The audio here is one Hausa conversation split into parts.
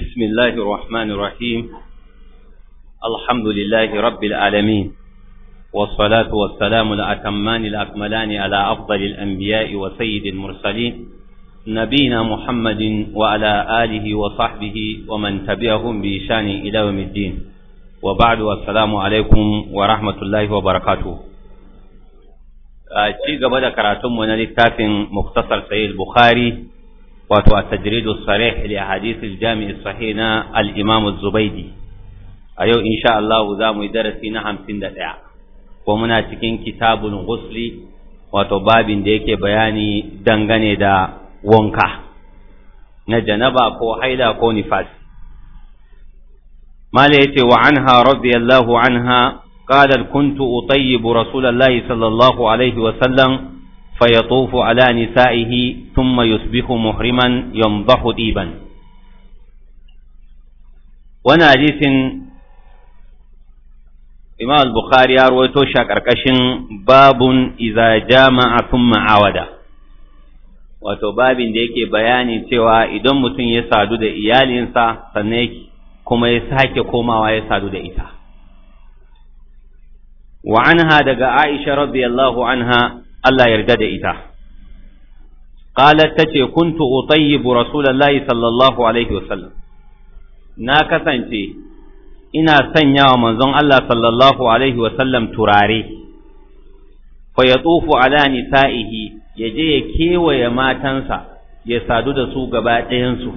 بسم الله الرحمن الرحيم الحمد لله رب العالمين والصلاة والسلام الأتمان الأكملان على أفضل الأنبياء وسيد المرسلين نبينا محمد وعلى آله وصحبه ومن تبعهم بإشان إلى يوم الدين وبعد والسلام عليكم ورحمة الله وبركاته أجي آه، قبل كراتم ونالي مختصر سيد البخاري wato at-tajrid as-sarih li ahadith al-jami' as-sahih na al-imam az-zubaydi a yau insha Allah za mu yi darasi na 51 ko muna cikin kitabun ghusli wato babin da yake bayani dangane da wanka na janaba ko haila ko nifas mala yace wa anha radiyallahu anha قالت كنت أطيب رسول الله صلى الله عليه وسلم فيطوف على نسائه ثم يصبح محرما ينضح ديبا وانا حديث إمام البخاري رويته شاكركشن باب إذا جامع ثم عاود wato babin da yake bayani cewa idan mutum ya sadu da iyalinsa sannan kuma ya sake komawa ya sadu da ita wa anha daga Aisha radiyallahu anha Allah yarda da ita qalat ce kuntu utayyibu rasulullahi sallallahu alaihi wasallam na kasance ina sanya wa manzon Allah sallallahu alaihi wasallam turare fa yatufu ala nisa'ihi je ya kewaye matansa ya sadu da su gaba ɗayansu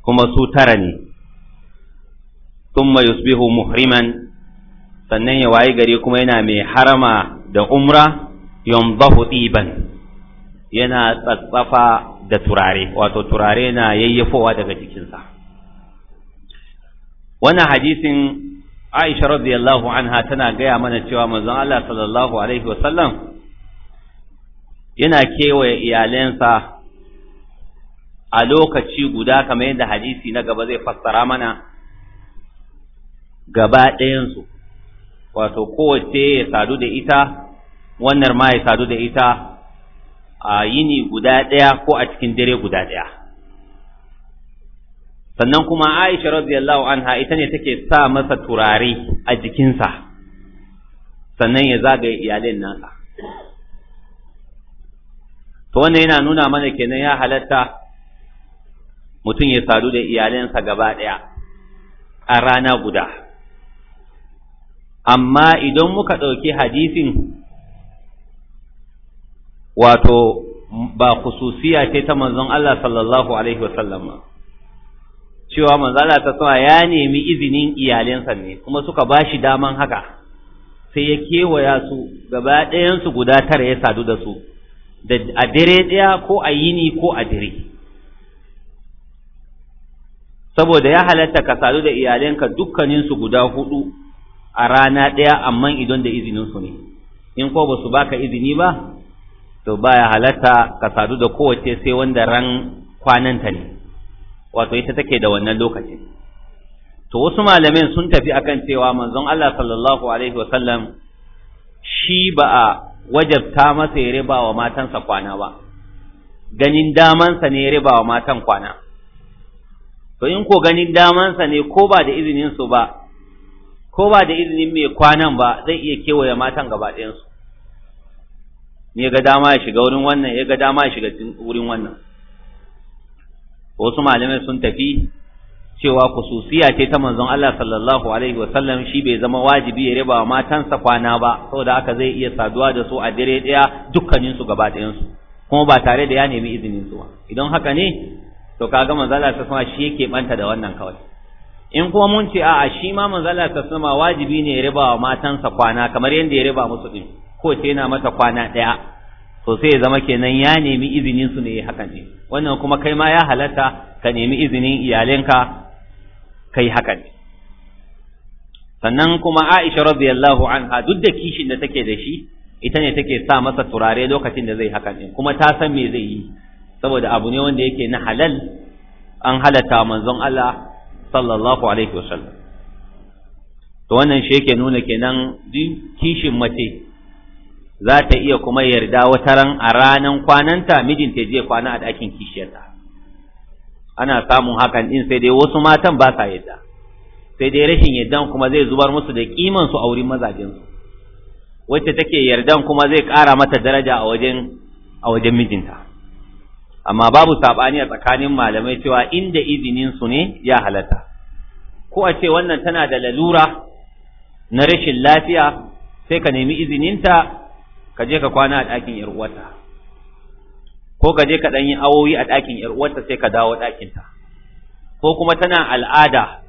kuma su tara ne thumma yusbihu muhriman sannan ya wayi gari kuma yana mai harama da umra yundahu ɗiban yana tsatsafa da turare wato turare na yayyafowa daga jikinsa wannan hadisin Aisha radiyallahu anha tana gaya mana cewa manzon Allah sallallahu alaihi wasallam yana kewaye iyalansa a lokaci guda kamar yadda hadisi na gaba zai fassara mana gaba ɗayansu wato kowace ya sadu da ita wannan ma ya sadu da ita a yini guda ɗaya ko a cikin dare guda ɗaya sannan kuma aisha radiyallahu anha ita ne take sa masa turare a jikinsa sannan ya zagaye iyalin nasa to wannan yana nuna mana kenan ya halatta mutum ya sadu da iyalinsa gaba ɗaya a rana guda amma idan muka ɗauki hadisin wato ba khususiya ce ta manzon Allah sallallahu alaihi wasallam cewa manzon Allah ta sama ya nemi izinin iyalensa ne kuma suka bashi daman haka sai ya kewaya su gaba ɗayan su guda tara ya sadu da su da a dare ɗaya ko a yini ko a dare saboda ya halatta ka sadu da iyalenka dukkaninsu guda hudu a rana ɗaya amma idan da izininsu ne in ko ba su baka izini ba to baya halatta ka sadu da kowace sai wanda ran kwananta ne wato ita take da wannan lokacin to wasu malamin sun tafi akan cewa manzon Allah sallallahu alaihi wa sallam shi ba a wajabta masa ya riba wa matansa kwana ba ganin damansa ne ya riba wa matan kwana to in ko ganin damansa ne ko ba da izinin su ba ko ba da izinin mai kwanan ba zai iya kewaye matan gaba ɗayansu ni ga dama ya shiga wurin wannan ya ga dama ya shiga wurin wannan wasu malamai sun tafi cewa kususiya ce ta manzon Allah sallallahu alaihi wa sallam shi bai zama wajibi ya riba matansa kwana ba saboda haka zai iya saduwa da su a dare daya dukkanin su gaba ɗayan su kuma ba tare da ya nemi izinin su ba idan haka ne to kaga manzon Allah sallallahu alaihi shi yake banta da wannan kawai in kuma mun ce a'a shi ma manzon Allah sallallahu alaihi wajibi ne ya riba matansa kwana kamar yadda ya riba musu din ko ce yana mata kwana ɗaya to sai ya zama kenan ya nemi izinin su ne ya ne wannan kuma kai ma ya halatta ka nemi izinin iyalinka kai hakan ne sannan kuma Aisha radiyallahu anha duk da kishin da take da shi ita ne take sa masa turare lokacin da zai hakan ne kuma ta san me zai yi saboda abu ne wanda yake na halal an halatta manzon Allah sallallahu alaihi wasallam to wannan shi yake nuna kenan duk kishin mace za ta iya kuma yarda wata ran a ranan kwananta mijinta je kwana a ɗakin kishiyarta ana samun hakan din sai dai wasu matan ba sa yadda sai dai rashin yardan kuma zai zubar musu da kiman su a wurin mazajensu wacce take yardan kuma zai ƙara mata daraja a wajen a wajen mijinta amma babu saɓani a tsakanin malamai cewa inda izinin su ne ya halatta ko a ce wannan tana da lalura na rashin lafiya sai ka nemi izininta ka je ka kwana a ɗakin yar uwarta ko ka je ka ɗan yi awowi a ɗakin yar uwarta sai ka dawo ɗakinta ko kuma tana al'ada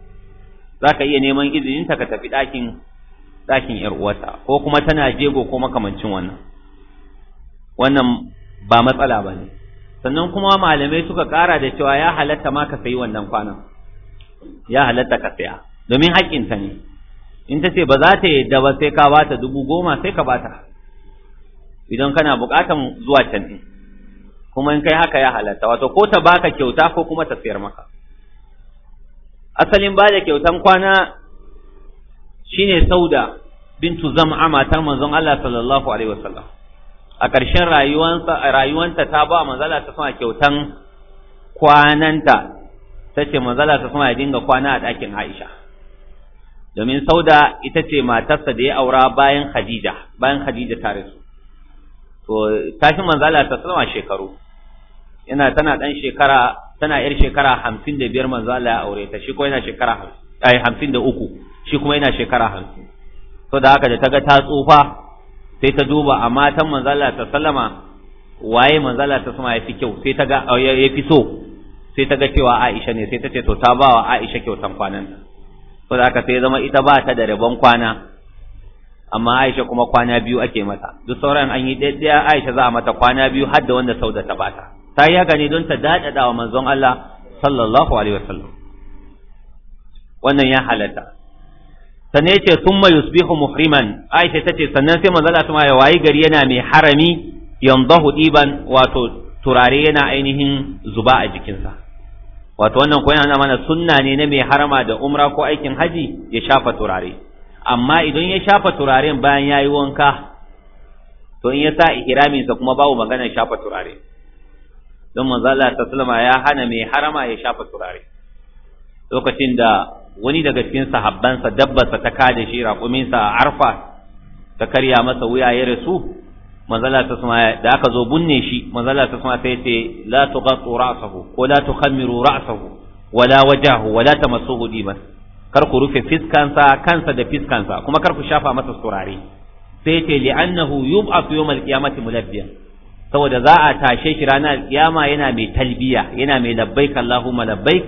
za ka iya neman izininta ka tafi ɗakin ɗakin yar uwarta ko kuma tana jego ko makamancin wannan wannan ba matsala ba ne sannan kuma malamai suka ƙara da cewa ya halatta ma ka sayi wannan kwanan ya halatta ka saya domin haƙƙinta ne in ta ce ba za ta yadda ba sai ka bata dubu goma sai ka bata idan kana bukatan zuwa can din kuma in kai haka ya halatta wato ko ta baka kyauta ko kuma ta sayar maka asalin bada kyautan kwana shine sauda bintu zam'a matar manzon Allah sallallahu alaihi wasallam a ƙarshen rayuwansa rayuwanta ta ba manzala ta sama kyautan kwananta tace manzala ta sama ya dinga kwana a ɗakin Aisha domin sauda ita ce matarsa da ya aura bayan khadija bayan khadija ta rasu to tashin manzo Allah ta sallama shekaru yana tana dan shekara tana yar shekara 55 manzo Allah ya aure ta shi ko yana shekara ai 53 shi kuma yana shekara 50 to da haka da taga ta tsufa sai ta duba amma tan manzo Allah ta sallama waye manzo Allah ta sallama yafi kyau sai ta ga yafi so sai ta ga cewa Aisha ne sai ta ce to ta ba wa Aisha kyautan kwanan to da haka sai zama ita ba ta da rabon kwana amma Aisha kuma kwana biyu ake mata duk sauran an yi daidaya Aisha za a mata kwana biyu har da wanda Sauda ta bata ta yi haka don ta daɗaɗa wa manzon Allah sallallahu alaihi wasallam wannan ya halatta ce yace summa yusbihu muhriman Aisha tace sannan sai manzon Allah ya wayi gari yana mai harami yandahu diban wato turare yana ainihin zuba a jikinsa wato wannan ko yana mana sunna ne na mai harama da umra ko aikin haji ya shafa turare amma idan ya shafa turaren bayan ya yi wanka to in ya sa ihraminsa kuma babu maganar shafa turare don manzala ta sulama ya hana mai harama ya shafa turare lokacin da wani daga cikin sahabbansa dabbarsa ta kada shi raƙuminsa a arfa ta karya masa wuya ya rasu manzala ta da aka zo bunne shi manzala ta suma sai ce la tuqatu ra'sahu ko la tukhammiru ra'sahu wala wajahu wala tamassuhu diman kar ku rufe fiskansa kansa da fiskansa kuma kar ku shafa masa turare sai ce li'annahu yub'athu yawmal qiyamati mulabbiyan saboda za a tashe shi ranar kiyama yana mai talbiya yana mai labbaik allahumma labbaik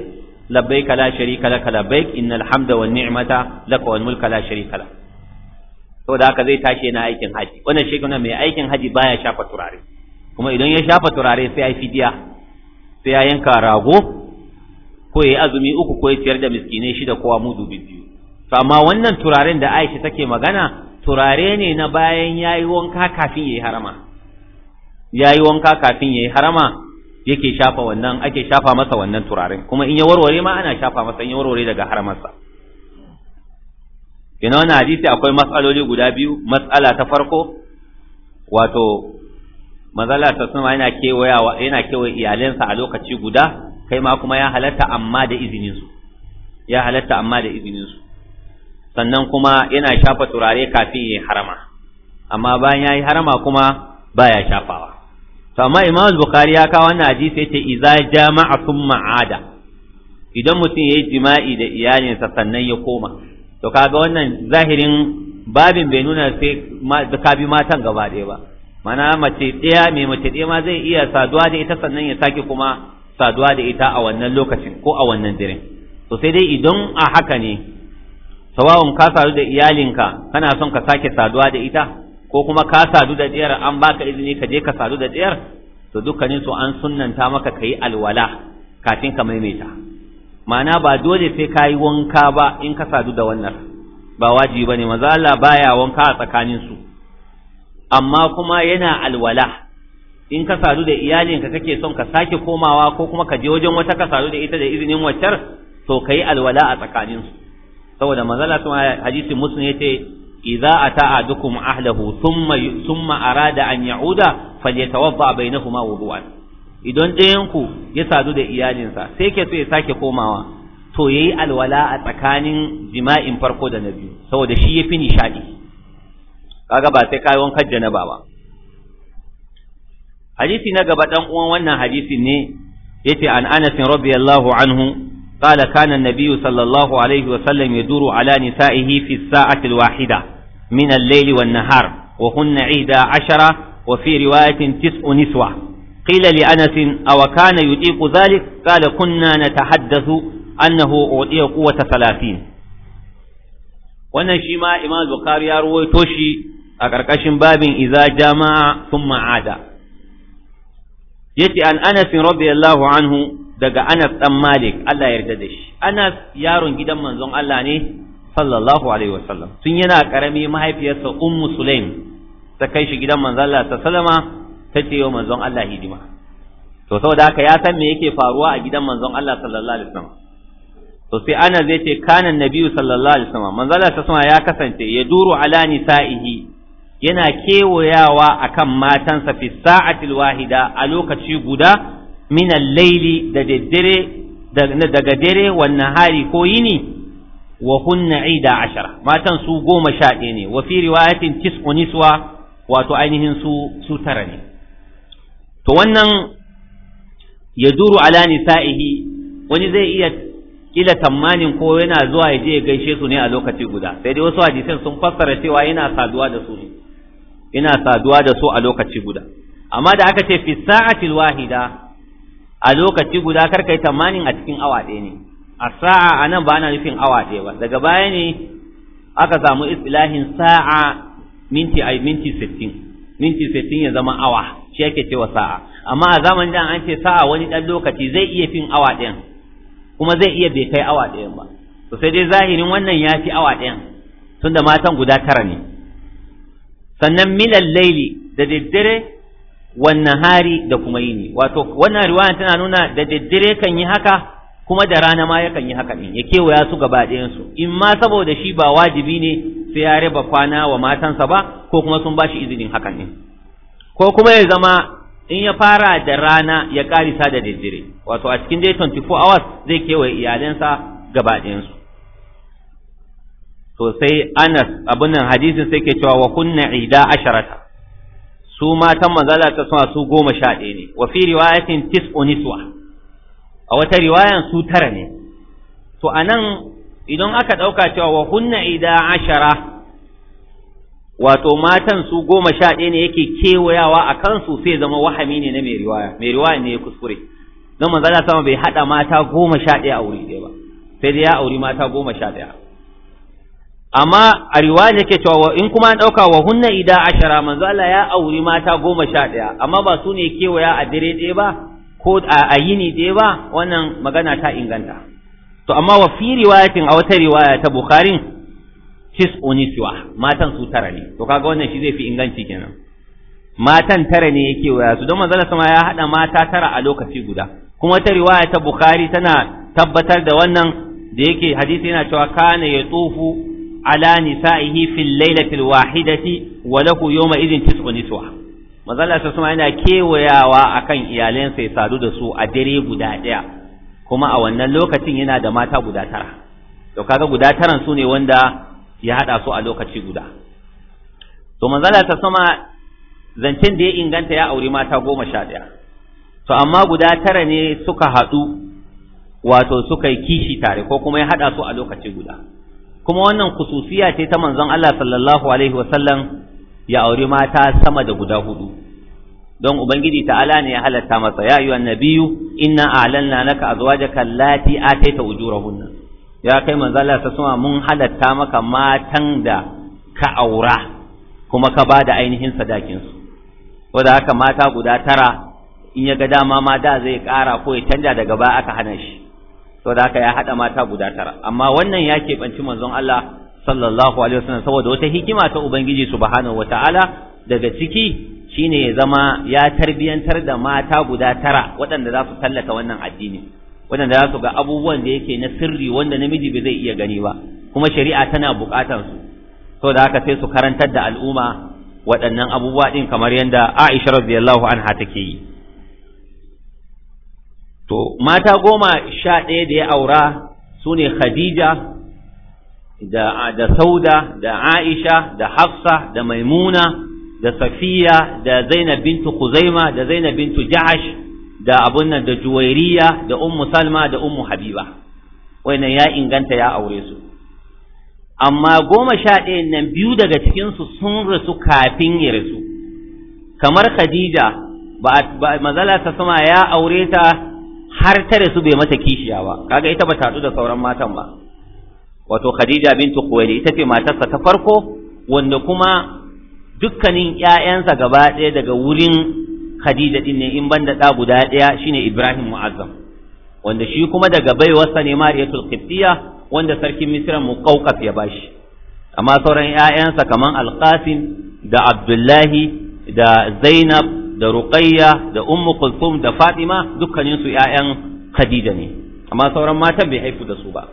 labbaik la sharika lak labbaik innal hamda wan ni'mata lak wal mulka la sharika lak saboda haka zai tashi yana aikin haji wannan shi kuma mai aikin haji baya shafa turare kuma idan ya shafa turare sai ya fidiya sai ya yanka rago ko yayi azumi uku ko yayi da miskinai shida ko mudu biyu to amma wannan turaren da Aisha take magana turare ne na bayan yayi wanka kafin yayi harama yayi wanka kafin yayi harama yake shafa wannan ake shafa masa wannan turaren kuma in ya warware ma ana shafa masa in ya warware daga haramarsa ina wannan hadisi akwai matsaloli guda biyu matsala ta farko wato mazala ta suna yana kewaya yana kewaye iyalansa a lokaci guda kai ma kuma ya halatta amma da izinin ya halatta amma da izinin sannan kuma yana shafa turare kafin ya harama amma bayan ya yi harama kuma baya shafawa to amma Imam Bukhari ya kawo wannan hadisi yace iza jama'a sun ada idan mutum ya yi jima'i da iyalinsa sannan ya koma to kaga wannan zahirin babin bai nuna sai ka bi matan gaba ɗaya ba mana mace ɗaya mai mace ɗaya ma zai iya saduwa da ita sannan ya sake kuma saduwa da ita a wannan lokacin ko a wannan dare to sai dai idan a haka ne sawawun ka sadu da iyalinka kana son ka sake saduwa da ita ko kuma ka sadu da diyar an baka izini ka je ka sadu da diyar to dukkanin su an sunnanta maka kayi alwala kafin ka maimaita ma'ana ba dole sai ka yi wanka ba in ka sadu da wannan ba wajibi bane maza Allah baya wanka a tsakanin su amma kuma yana alwala in ka sadu da iyalinka kake son ka sake komawa ko kuma ka je wajen wata ka sadu da ita da izinin waccar to kai alwala a tsakaninsu saboda manzala sun hadisi muslim yace idza ata ahadukum ahlahu thumma thumma arada an ya'uda falyatawadda bainahuma wudu'an idan ɗayan ku ya sadu da iyalinsa sai ke so ya sake komawa to yayi alwala a tsakanin jima'in farko da na biyu saboda shi yafi nishadi kaga ba sai kai wankan janaba ba hadisi na gaba dan uwan wannan hadisin ne yace an Anas radiyallahu anhu qala kana an-nabiy sallallahu alaihi wa sallam yaduru ala nisa'ihi fi as-sa'ati al-wahida min al-layl wan-nahar wa hunna 11 wa fi riwayatin tis'u niswa qila li anasin aw kana yudiqu dhalik qala kunna natahaddathu annahu udiya quwwata salatin wannan shi ma Imam Bukhari ya ruwaito shi a ƙarƙashin babin iza jama'a sun ma'ada yace an Anas radiyallahu anhu daga Anas dan Malik Allah ya yarda da shi Anas yaron gidan manzon Allah ne sallallahu alaihi wasallam tun yana karami mahaifiyarsa ummu sulaim ta kai shi gidan manzon Allah ta salama ta ce wa manzon Allah hidima to saboda haka ya san me yake faruwa a gidan manzon Allah sallallahu alaihi wasallam to sai Anas yace kana nabiyyu sallallahu alaihi wasallam manzon Allah ta ya kasance ya duru ala nisa'ihi yana kewayawa a kan matansa fi sa'atil wahida a lokaci guda min laili da daddare daga dare wannan hari ko yini wa hunna ida ashara matan su goma sha ɗaya ne wa fi riwayatin tis'u wato ainihin su su tara ne to wannan ya duru ala nisa'ihi wani zai iya kila tamanin ko yana zuwa ya ya gaishe su ne a lokaci guda sai dai wasu hadisan sun fassara cewa yana saduwa da su ina saduwa da su a lokaci guda amma da aka ce fi sa'atil wahida a lokaci guda kar kai tamanin a cikin awa ɗaya ne a sa'a anan ba ana nufin awa ɗaya ba daga baya ne aka samu istilahin sa'a minti ai minti 60 minti 60 ya zama awa shi yake cewa sa'a amma a zamanin da an ce sa'a wani dan lokaci zai iya fin awa ɗaya kuma zai iya bai kai awa ɗaya ba to sai dai zahirin wannan ya fi awa ɗayan tunda matan guda tara ne sannan minal laili da daddare wannan hari da kuma yini wato wannan riwaya tana nuna da daddare kan yi haka kuma da rana ma yakan yi haka ne ya kewaya su gaba ɗayan su in ma saboda shi ba wajibi ne sai ya raba kwana wa matansa ba ko kuma sun bashi izinin hakan ne ko kuma ya zama in ya fara da rana ya karisa da daddare wato a cikin dai 24 hours zai kewaye iyalansa gaba ɗayan su to sai Anas abin nan hadisin sai ke cewa wa kunna ida asharata su matan manzala ta suna su goma sha ɗaya ne wa fi riwayatin tis'u niswa a wata riwayan su tara ne to anan idan aka ɗauka cewa wa kunna ida ashara wato matan su goma sha ɗaya ne yake kewayawa a kansu sai zama wahami ne na mai riwaya mai riwaya ne ya kuskure don manzala sama bai hada mata goma sha ɗaya a wuri ɗaya ba sai dai ya auri mata goma sha ɗaya amma a riwaya yake cewa in kuma an dauka wa hunna ida ashara manzo Allah ya auri mata goma sha ɗaya amma ba su ne kewaya a dare ɗaya ba ko a yini ɗaya ba wannan magana ta inganta to amma wa fi riwayatin a wata riwaya ta bukharin tis uniswa matan su tara ne to kaga wannan shi zai fi inganci kenan matan tara ne yake waya su don manzala sama ya haɗa mata tara a lokaci guda kuma ta riwaya ta bukhari tana tabbatar da wannan da yake hadisi yana cewa kana ya tsofu ala nisa'ihi fil lailatil wahidati wa lahu yawma idhin tis'u niswa sama yana kewayawa akan iyalansa ya sadu da su a dare guda daya kuma a wannan lokacin yana da mata guda to kaga guda taran su ne wanda ya hada su a lokaci guda to manzala sama zancen da ya inganta ya auri mata goma sha daya to amma guda ne suka haɗu wato suka yi kishi tare ko kuma ya haɗa su a lokaci guda kuma wannan kususiya ce ta manzon Allah sallallahu alaihi wasallam ya auri mata sama da guda hudu don ubangiji ta'ala ne ya halatta masa ya ayyuhan nabiyyu inna a'lanna laka azwajaka allati ataita ujurahunna ya kai manzon Allah sallallahu mun halatta maka matan da ka aura kuma ka bada ainihin sadakin su wanda haka mata guda tara in ya ga dama ma da zai kara ko ya canja daga ba aka hana shi saboda haka ya haɗa mata guda tara amma wannan ya keɓanci manzon Allah sallallahu alaihi wasallam saboda wata hikima ta ubangiji subhanahu wataala daga ciki shine ya zama ya tarbiyantar da mata guda tara waɗanda za su tallata wannan addini waɗanda za su ga abubuwan da yake na sirri wanda namiji bai zai iya gani ba kuma shari'a tana buƙatar su saboda haka sai su karantar da al'umma waɗannan abubuwa ɗin kamar yadda Aisha radiyallahu anha take yi to mata goma sha ɗaya da ya aura su ne khadija da, da sauda da aisha da hafsa da maimuna da safiya da zainab bintu kuzaima da zainab bintu ja'ash da abun nan da juwairiya da ummu salma da ummu habiba wannan ya inganta ya aure su amma goma sha ɗaya nan biyu daga cikinsu sun rasu kafin ya rasu kamar khadija ba mazala ta sama ya aure ta har tare su bai mata kishiya ba kaga ita ba ta da sauran matan ba wato Khadija bintu Khuwailid ita ce matarsa ta farko wanda kuma dukkanin ƴaƴansa gaba ɗaya daga wurin Khadija din ne in banda da guda ɗaya shine Ibrahim Mu'azzam wanda shi kuma daga baiwarsa ne Mariyatul Qibtiyya wanda sarkin Misra Muqawqaf ya bashi amma sauran ƴaƴansa kaman al da Abdullahi da Zainab da ruqayya da ummu kulthum da fatima dukkanin su ƴaƴan khadija ne amma sauran matan bai haifu da su ba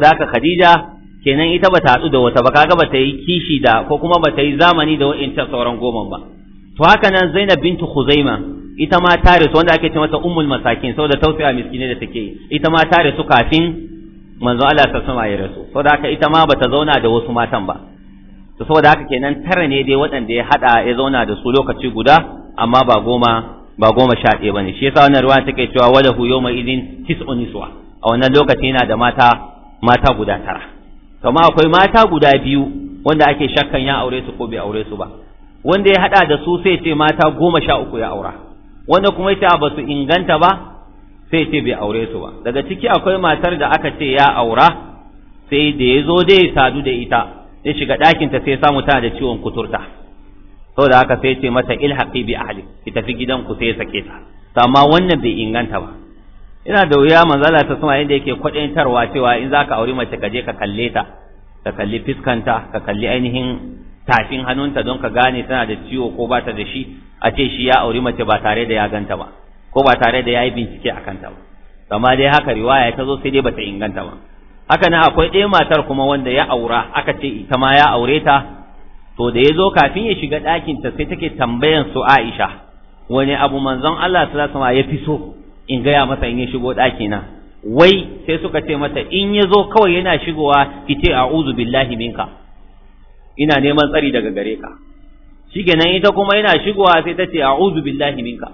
da haka khadija kenan ita bata hadu da wata ba kaga bata yi kishi da ko kuma bata yi zamani da wa'incan sauran goma ba to haka nan zainab bintu khuzaima ita ma ta rasu wanda ake ce mata ummul masakin saboda tausaya miskine da take yi ita ma ta rasu kafin manzo Allah alaihi wasallam ya rasu saboda haka ita ma bata zauna da wasu matan ba to saboda haka kenan tara ne dai waɗanda ya haɗa ya zauna da su lokaci guda amma ba goma ba goma sha ɗaya bane shi yasa wannan ruwa take cewa wala hu yawma idin tis'u a wannan lokaci yana da mata mata guda tara kuma akwai mata guda biyu wanda ake shakkan ya aure su ko bai aure su ba wanda ya haɗa da su sai ce mata goma sha uku ya aura wanda kuma ya ce ba su inganta ba sai ce bai aure su ba daga ciki akwai matar da aka ce ya aura sai da ya zo dai sadu da ita sai shiga ɗakinta sai samu tana da ciwon kuturta saboda haka sai ce mata ilhaqi bi ahli ki tafi gidanku sai ya sake ta to amma wannan bai inganta ba ina da wuya manzala ta sama yadda yake kwadantarwa cewa in zaka aure mace ka je ka kalle ta ka kalli fiskanta ka kalli ainihin tafin hannunta don ka gane tana da ciwo ko ba ta da shi a ce shi ya aure mace ba tare da ya ganta ba ko ba tare da ya yi bincike a kanta ba amma dai haka riwaya ta zo sai dai bata inganta ba haka nan akwai ɗaya matar kuma wanda ya aura aka ce ita ma ya aure ta to da ya zo kafin ya shiga ɗakin ta sai take tambayan su Aisha wani abu manzon Allah sallallahu alaihi ya fi so in gaya masa in ya shigo ɗakina wai sai suka ce mata in ya zo kawai yana shigowa ki ce a'udhu billahi minka ina neman tsari daga gare ka shikenan ita kuma yana shigowa sai ta ce a'udhu billahi minka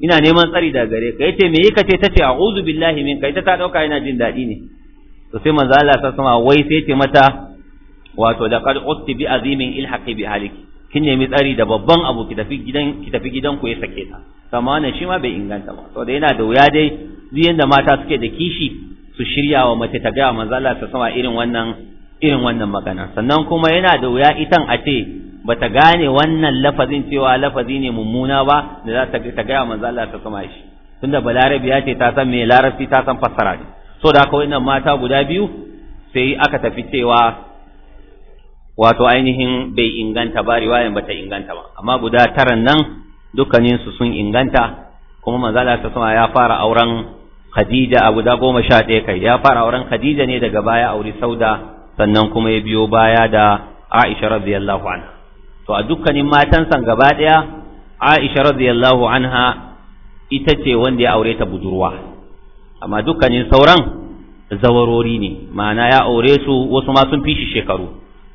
ina neman tsari daga gare ka yace me yake ce tace a'udhu billahi minka ita ta dauka yana jin daɗi ne to sai manzo Allah ta sama wai sai ce mata wato da qad usti bi azimin ilhaqi bi haliki kin nemi tsari da babban abu ki tafi gidan ki tafi gidan ku ya sake ta amma shi ma bai inganta ba saboda yana da wuya dai zai yanda mata suke da kishi su shirya wa mace ta ga manzo Allah ta sama irin wannan irin wannan magana sannan kuma yana da wuya itan a ce bata gane wannan lafazin cewa lafazi ne mummuna ba da za ta gaya manzo Allah ta sama shi tunda balarabi ya ce ta san me larabci ta san fassara ne so da haka wannan mata guda biyu sai aka tafi cewa wato ainihin bai inganta ba riwayan bata inganta ba amma guda taran nan dukkanin su sun inganta kuma manzala ta sama ya fara auren Khadija a guda goma sha ɗaya kai ya fara auren Khadija ne daga baya auri Sauda sannan kuma ya biyo baya da Aisha radiyallahu anha to a dukkanin matansa gaba ɗaya Aisha radiyallahu anha ita ce wanda ya aure ta budurwa amma dukkanin sauran zawarori ne ma'ana ya aure su wasu ma sun fi shi shekaru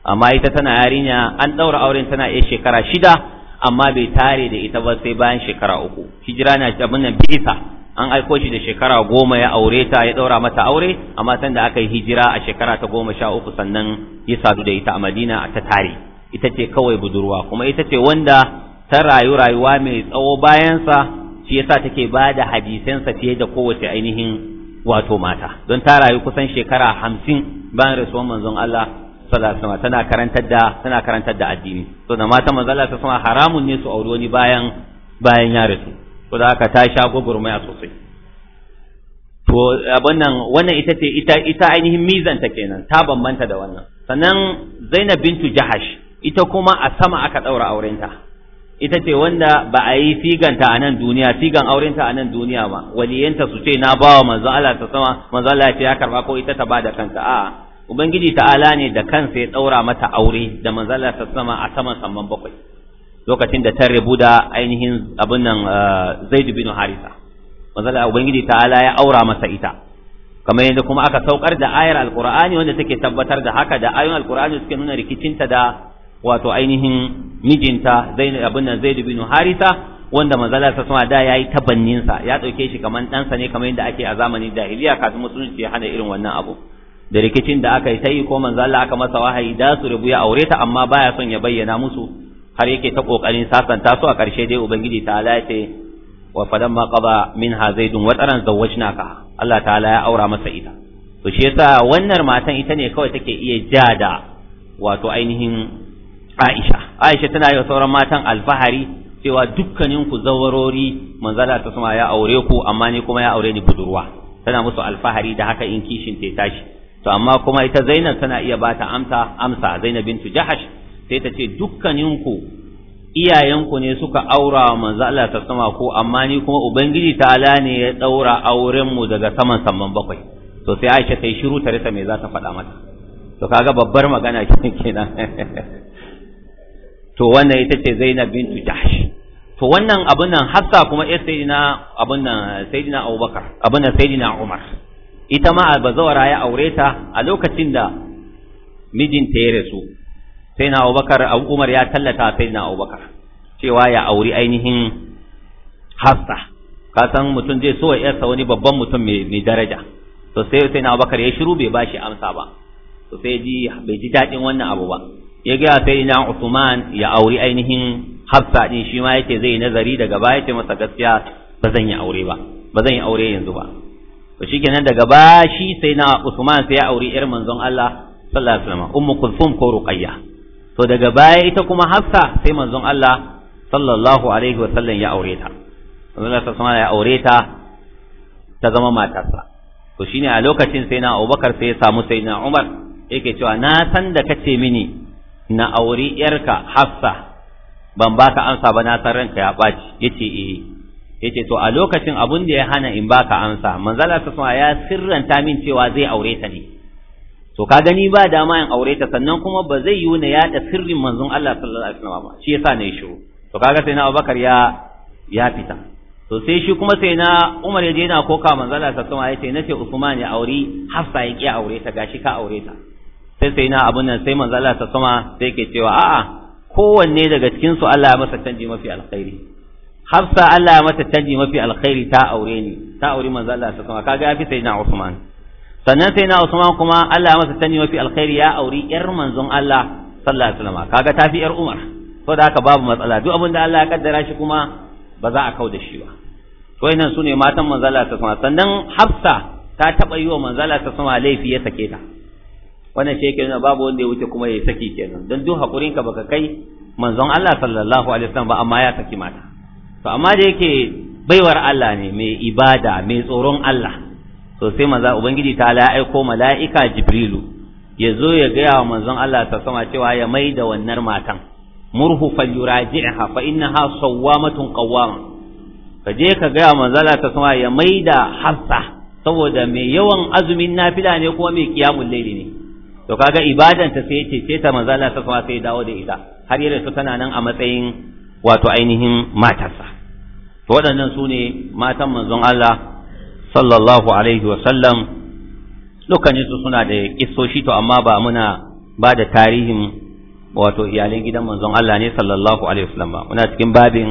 amma ita tana yarinya an daura auren tana iya shekara shida amma bai tare da ita ba sai bayan shekara uku hijira na abin nan bisa an aiko shi da shekara goma ya aure ta ya daura mata aure amma san da aka yi hijira a shekara ta goma sha uku sannan ya sadu da ita a madina ta tare ita ce kawai budurwa kuma ita ce wanda ta rayu rayuwa mai tsawo bayansa shi yasa take ba da hadisansa fiye da kowace ainihin wato mata don ta rayu kusan shekara hamsin bayan rasuwan manzon Allah sallallahu tana karantar da tana karantar da addini to da mata manzon Allah sallallahu haramun ne su auri wani bayan bayan ya rasu to da haka ta sha gwagwarmaya sosai to abin nan wannan ita ce ita ita ainihin mizanta kenan ta bambanta da wannan sannan Zainab bintu Jahash ita kuma a sama aka daura aurenta ita ce wanda ba a yi siganta a nan duniya sigan aurenta a nan duniya ba waliyanta su ce na bawa manzo Allah ta sama manzo Allah ce ya karba ko ita ta ba da kanta a'a ubangiji ta'ala ne da kansa ya daura mata aure da manzo Allah ta sama a saman samman bakwai lokacin da ta rabu da ainihin abin nan uh, Zaid bin Harisa manzo Allah ubangiji ta'ala ya aura masa ita kamar yadda kuma aka saukar da ayar alkur'ani wanda take tabbatar da haka da ayoyin alkur'ani suke nuna rikicinta da wato ainihin mijinta zainab abin nan zaid bin harisa wanda manzala ta sama da yayi tabannin sa ya dauke shi kaman ɗansa ne kamar yadda ake a zamanin jahiliya kafin musulunci ya hana irin wannan abu da rikicin da aka yi ta yi ko manzala aka masa wahayi da su rubu ya aure ta amma baya son ya bayyana musu har yake ta kokarin sasanta su a karshe dai ubangiji ta halaye wa falamma qada minha zaidun wa taran zawwajnaka Allah ta'ala ya aura masa ita to shi yasa wannan matan ita ne kawai take iya ja da wato ainihin Aisha Aisha tana yi wa sauran matan alfahari cewa dukkanin ku zawarori manzala ta sama ya aure ku amma ni kuma ya aure ni budurwa tana musu alfahari da haka in kishin ta tashi to amma kuma ita Zainab tana iya bata amsa amsa Zainab bintu Jahash sai ta ce dukkanin ku iyayen ku ne suka aura manzo manzala ta sama ko amma ni kuma ubangiji ala ne ya daura auren mu daga saman saman bakwai to sai Aisha ta yi shiru tare ta me za ta faɗa mata to kaga babbar magana kenan to wannan ita ce Zainab bintu Jahsh to wannan abun nan Hafsa kuma ya Sayyidina abun nan Sayyidina Abubakar abun nan Sayyidina Umar ita ma albazawara ya aure ta a lokacin da mijinta ya rasu sai Abubakar abu Umar ya tallata sai Abubakar cewa ya auri ainihin Hafsa ka san mutum zai so ya wani babban mutum mai daraja to sai sai Abubakar ya shiru bai bashi amsa ba to sai ji bai ji dadin wannan abu ba ya gaya sai ina Usman ya auri ainihin Hafsa din shi ma yace zai nazari daga baya ce masa gaskiya ba zan yi aure ba ba zan yi aure yanzu ba to shikenan daga baya shi sai na Usman sai ya auri yar manzon Allah sallallahu alaihi wasallam ummu kulthum ko ruqayya to daga baya ita kuma Hafsa sai manzon Allah sallallahu alaihi wasallam ya aure ta manzon Allah sallallahu alaihi ya aure ta ta zama matarsa to shine a lokacin sai na Abubakar sai ya samu sai na Umar yake cewa na san da kace mini na auri yarka hafsa ban baka amsa ba na san ranka ya ɓaci yace eh yace to a lokacin abun da ya hana in baka amsa manzala ta ya sirranta min cewa zai aure ta ne to ka gani ba dama in aure ta sannan kuma ba zai yi na yada sirrin manzon Allah sallallahu alaihi wasallam ba shi yasa ne shiru to kaga sai na Abubakar ya ya fita to sai shi kuma sai na Umar ya je yana koka manzala ta ya ce nace Usman ya aure Hafsa ya ki aure ta gashi ka aure ta sai sai na abun nan sai manzo Allah ta sama sai ke cewa a'a kowanne daga cikin su Allah ya masa canji mafi alkhairi Hafsa Allah ya mata canji mafi alkhairi ta aure ni ta aure manzo Allah ta sama kaga yafi sai na Usman sannan sai na Usman kuma Allah ya masa canji mafi alkhairi ya auri yar manzon Allah sallallahu alaihi wasallam kaga ta fi yar Umar ko da haka babu matsala duk abin da Allah ya kaddara shi kuma ba za a kau da shi ba to nan sune matan manzo Allah ta sama sannan Hafsa ta taba yi wa manzo Allah ta sama laifi ya sake ta wannan shi yake nuna babu wanda ya wuce kuma ya saki kenan don duk hakurin ka baka kai manzon Allah sallallahu alaihi wasallam ba amma ya saki mata to amma da yake baiwar Allah ne mai ibada mai tsoron Allah to sai manzo ubangiji ta ala aiko mala'ika jibrilu ya zo ya gaya wa manzon Allah ta sama cewa ya mai da wannan matan murhu yuraji'ha fa innaha sawwamatun qawwama ka je ka gaya wa manzon Allah ta sama ya mai da hafsa saboda mai yawan azumin nafila ne kuma mai kiyamul layli ne to kaga ibadan ta sai ce ta manzo Allah ta kuma sai dawo da ita har yana su tana nan a matsayin wato ainihin matarsa to waɗannan su ne matan manzon Allah sallallahu alaihi wa sallam dukkanin su suna da kissoshi to amma ba muna ba da tarihin wato iyalai gidan manzon Allah ne sallallahu alaihi wa ba muna cikin babin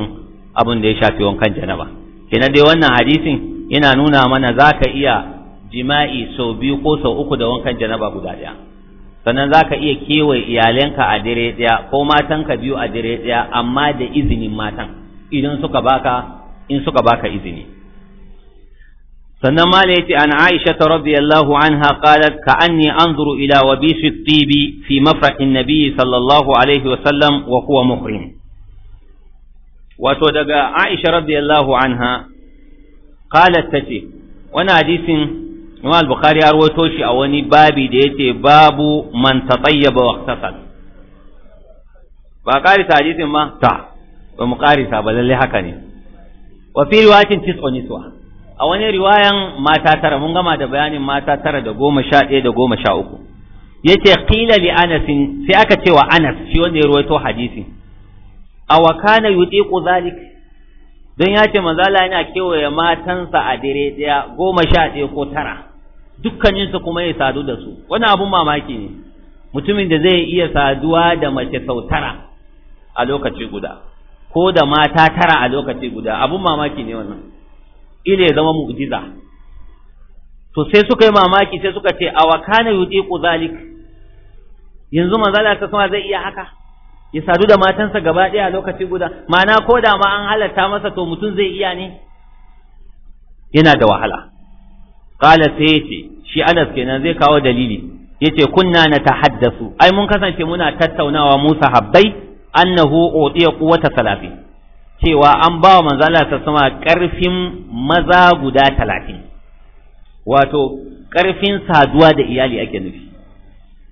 abin da ya shafi wankan janaba kenan dai wannan hadisin yana nuna mana za ka iya jima'i sau biyu ko sau uku da wankan janaba guda ɗaya sannan za ka iya kewaye iyalanka a dire ɗaya ko matanka biyu a dire ɗaya amma da izinin matan idan suka baka in suka baka izini sannan ma yace an Aisha radiyallahu anha qalat ka anni anzuru ila wabisi at-tibi fi mafraqin nabiy sallallahu alaihi wa sallam wa huwa muhrim wato daga Aisha radiyallahu anha qalat tace wani hadisin imam al-bukhari ya rawaito shi a wani babi da yace babu man tatayyaba wa ihtasal ba kari ta hadisin ma ta ba mu kari ta ba lalle haka ne wa fi riwayatin tis'u niswa a wani riwayan mata tara mun gama da bayanin mata tara da goma sha ɗaya da goma sha uku yace qila li anas sai aka ce wa anas shi wanda ya rawaito hadisin. aw kana yutiqu zalik. don ya ce manzala yana kewaye matansa a dire ɗaya goma sha ɗaya ko tara dukkaninsa kuma ya sadu da su wani abun mamaki ne mutumin da zai iya saduwa da mace sau tara a lokaci guda ko da mata tara a lokaci guda abun mamaki ne wannan ile ya zama mu'jiza to sai suka yi mamaki sai suka ce awa kana yudiqu zalik yanzu manzala ta sama zai iya haka ya sadu da matansa gaba ɗaya a lokaci guda ma'ana ko da ma an halatta masa to mutum zai iya ne yana da wahala qala sai yace shi Anas kenan zai kawo dalili yace kunna na ta natahaddasu ai mun kasance muna tattaunawa Musa, Habbai, annahu utiya quwwata salafi cewa an ba wa manzo ta sama karfin maza guda talatin, wato karfin saduwa da iyali ake nufi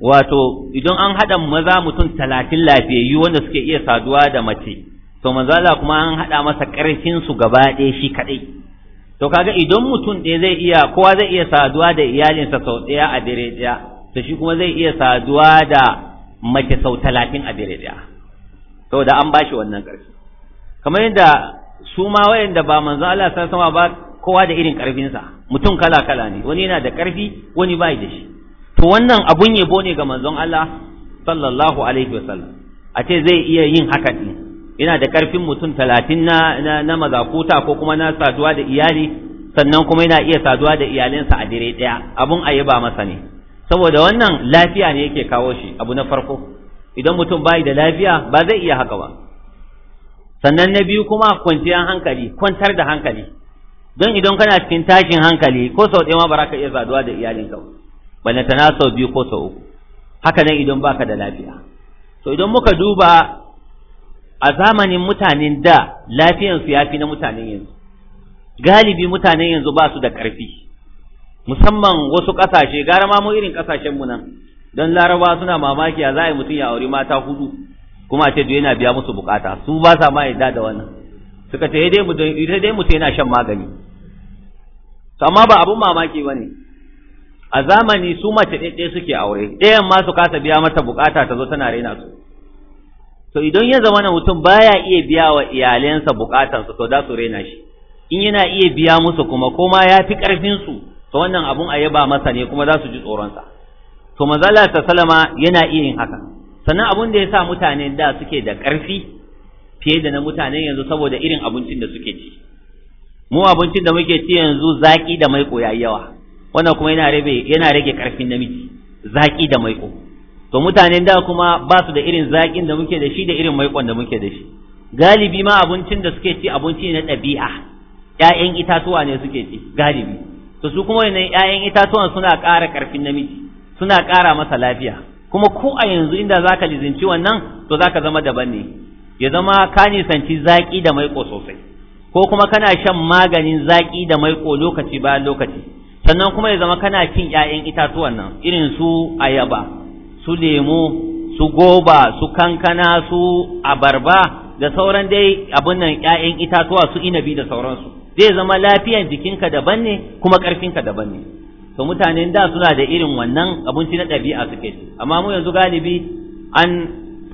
wato idan an haɗa maza mutum talatin lafiyayyu wanda suke iya saduwa da mace to manzala kuma an haɗa masa ƙarfin su gaba ɗaya shi kaɗai to kaga idan mutum ɗaya zai iya kowa zai iya saduwa da iyalinsa sau ɗaya a dare ɗaya to shi kuma zai iya saduwa da mace sau talatin a dare ɗaya saboda an bashi wannan ƙarfi kamar yadda su ma wayanda ba manzo Allah sallallahu alaihi ba kowa da irin ƙarfinsa mutum kala kala ne wani yana da ƙarfi wani bai da shi to wannan abun yabo ne ga manzon Allah sallallahu alaihi wasallam a ce zai iya yin haka ne yana da karfin mutum talatin na na, na mazakuta ko kuma na saduwa da iyali sannan kuma yana iya saduwa da iyalinsa a dire daya abun a ba masa ne saboda wannan lafiya ne yake kawo shi abu na farko idan mutum bai da lafiya ba zai iya haka ba sannan na biyu kuma kwanciyar hankali kwantar da hankali don idan kana cikin tashin hankali ko sau ɗaya ma ba za ka iya saduwa da iyalinka ba tana sau biyu ko sau uku haka nan idan baka da lafiya to idan muka duba a zamanin mutanen da lafiyansu ya fi na mutanen yanzu galibi mutanen yanzu ba su da ƙarfi musamman wasu ƙasashe gara ma mu irin ƙasashenmu nan don laraba suna mamaki a za a yi mutum ya auri mata hudu kuma a ce yana biya musu bukata su ba sa ma yadda da wannan suka ce eh dai mutum yana shan magani to amma ba abun mamaki ba ne a zamani su mace ɗaiɗai suke aure ɗaya ma su kasa biya mata bukata ta zo tana raina su to idan ya zama na mutum baya iya biya wa iyalensa bukatansa to da su raina shi in yana iya biya musu kuma koma ya fi ƙarfin su to wannan abun a yaba masa ne kuma za su ji tsoronsa to manzala ta salama yana iya yin haka sannan abun da ya sa mutane da suke da ƙarfi fiye da na mutane yanzu saboda irin abincin da suke ci mu abincin da muke ci yanzu zaki da mai yayi yawa wannan kuma yana rage yana rage karfin namiji zaki da maiƙo to mutanen da kuma ba su da irin zakin da muke da shi da irin maiƙon da muke da shi galibi ma abincin da suke ci abinci na ɗabi'a ƴaƴan itatuwa ne suke ci galibi to su kuma wannan ƴaƴan itatuwan suna ƙara ƙarfin namiji suna ƙara masa lafiya kuma ko a yanzu inda zaka lizinci wannan to zaka zama daban ne ya zama ka nisanci zaki da maiƙo sosai ko kuma kana shan maganin zaki da maiƙo lokaci bayan lokaci sannan kuma ya zama kana cin ƴaƴan itatuwan nan irin su ayaba su lemo su goba su kankana su abarba da sauran dai abun nan ƴaƴan itatuwa su inabi da sauransu zai zama lafiyan jikinka daban ne kuma ƙarfinka daban ne to mutanen da suna da irin wannan abinci na ɗabi'a suke ci amma mu yanzu galibi an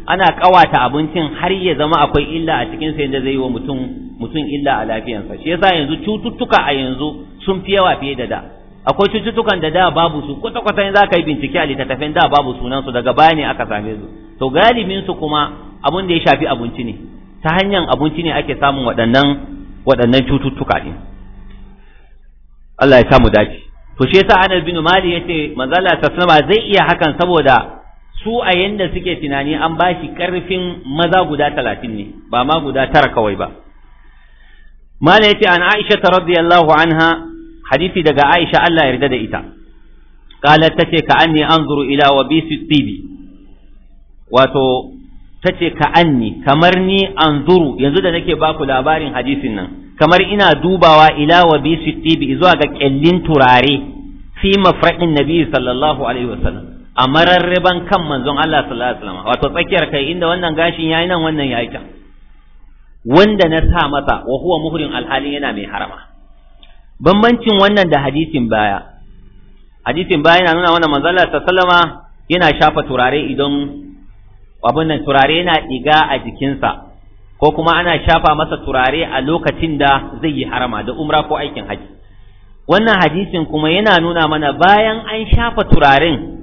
ana ƙawata abincin har ya zama akwai illa a cikin sa yadda zai yi wa mutum mutum illa a lafiyansa shi yasa yanzu cututtuka a yanzu sun fi yawa fiye da da akwai cututtukan da da babu su kwata kwata in ka yi bincike a littattafin da babu sunan su daga bayani aka same su to galibin su kuma abun da ya shafi abinci ne ta hanyar abinci ne ake samun waɗannan waɗannan cututtuka din Allah ya samu dace to shi yasa Anas bin Malik yace manzo Allah sallama zai iya hakan saboda su a yanda suke tunani an ba shi ƙarfin maza guda talatin ne ba ma guda tara kawai ba Malik yace an aisha radiyallahu anha hadisi daga Aisha Allah yarda da ita qalat tace ka anni anzuru ila wabisi tibi wato tace ka anni kamar ni anzuru yanzu da nake baku labarin hadisin nan kamar ina dubawa ila wabisi tibi zuwa ga kyallin turare fi mafradin nabi sallallahu alaihi wasallam a mararraban kan manzon Allah sallallahu alaihi wasallam wato tsakiyar kai inda wannan gashin yayi nan wannan yayi ta, wanda na sa masa wa huwa muhrin alhalin yana mai harama bambancin wannan da hadisin baya hadisin baya yana nuna wannan manzala ta sallama yana shafa turare idan abin nan turare yana diga a jikinsa ko kuma ana shafa masa turare a lokacin da zai yi harama da umra ko aikin haji wannan hadisin kuma yana nuna mana bayan an shafa turaren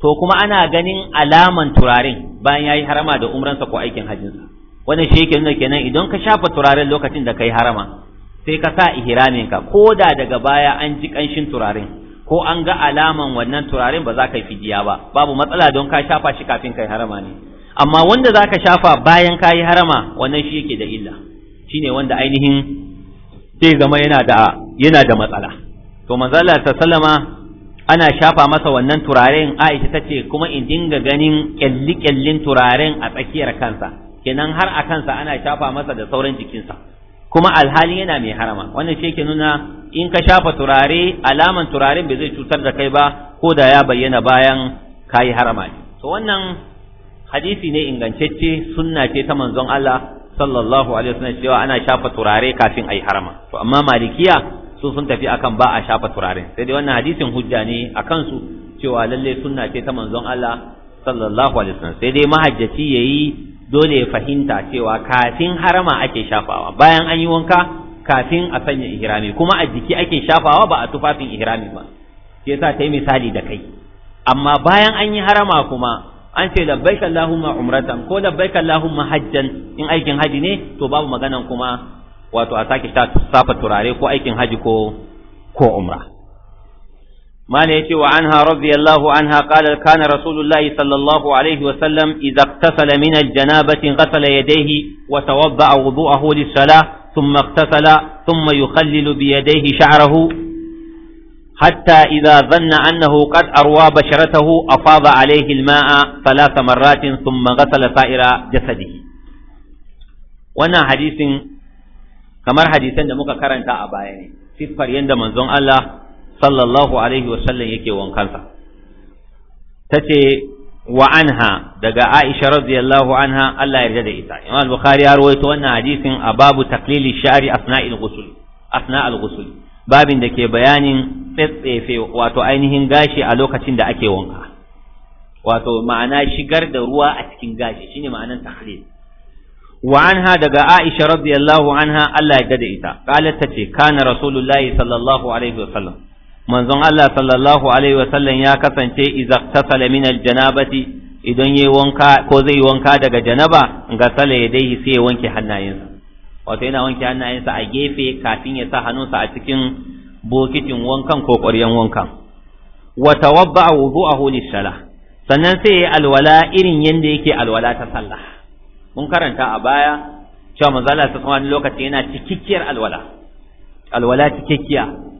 to kuma ana ganin alaman turaren bayan yayi harama da umransa ko aikin hajjinsa wannan shi yake nuna kenan idan ka shafa turaren lokacin da kai harama sai ka sa ihramin ka da daga baya an ji kanshin turaren ko an ga alaman wannan turaren ba za ka yi fijiya ba babu matsala don ka shafa shi kafin kai harama ne amma wanda za ka shafa bayan ka yi harama wannan shi yake da illa shine wanda ainihin zai zama yana da yana da matsala to manzala ta sallama ana shafa masa wannan turaren Aisha ta ce kuma in dinga ganin kyalli kyallin turaren a tsakiyar kansa kenan har a kansa ana shafa masa da sauran jikinsa kuma alhali yana mai harama wannan shi ke nuna in ka shafa turare alaman turaren bai zai cutar da kai ba ko da ya bayyana bayan kayi harama ne to wannan hadisi ne ingantacce sunna ce ta manzon Allah sallallahu alaihi wasallam cewa ana shafa turare kafin a yi harama to amma malikiya su sun tafi akan ba a shafa turare sai dai wannan hadisin hujja ne akan su cewa lalle sunna ce ta manzon Allah sallallahu alaihi wasallam sai dai mahajjaci yayi dole fahimta cewa kafin harama ake shafawa bayan an yi wanka kafin a sanya ihrami kuma a jiki ake shafawa ba a tufafin ihrami ba ke sa ta yi misali da kai amma bayan an yi harama kuma an ce labbaik Allahumma umratan ko labbaik Allahumma hajjan in aikin haji ne to babu maganan kuma wato a sake safa turare ko aikin haji ko ko umra ما نيتي وعنها رضي الله عنها قال كان رسول الله صلى الله عليه وسلم إذا اغتسل من الجنابة غسل يديه وتوضأ وضوءه للصلاة ثم اغتسل ثم يخلل بيديه شعره حتى إذا ظن أنه قد أروى بشرته أفاض عليه الماء ثلاث مرات ثم غسل سائر جسده وانا حديث كمر حديثا لمكا كرنتا أبايني في فريند منزون الله sallallahu alaihi wasallam yake wankansa ta ce wa anha daga aisha radiyallahu anha Allah ya yarda da ita imam bukhari ya rawaito wannan hadisin a babu taklili sha'ri asna'il ghusl asna al ghusl babin da ke bayanin tsetsefe wato ainihin gashi a lokacin da ake wanka wato ma'ana shigar da ruwa a cikin gashi shine ma'anan taklil wa anha daga Aisha radiyallahu anha Allah ya da ita qalat tace kana rasulullahi sallallahu alaihi wasallam manzon Allah sallallahu alaihi wasallam ya kasance idza tasala min aljanabati idan yayi wanka ko zai wanka daga janaba ga sala dai sai ya wanke hannayensa wato yana wanke hannayensa a gefe kafin ya sa hannunsa a cikin bokitin wankan ko ƙwaryan wankan wa tawabba'a wudu'ahu lis-salah sannan sai yayi alwala irin yanda yake alwala ta sallah mun karanta a baya cewa manzon Allah sallallahu alaihi lokaci yana cikakkiyar alwala alwala cikakkiya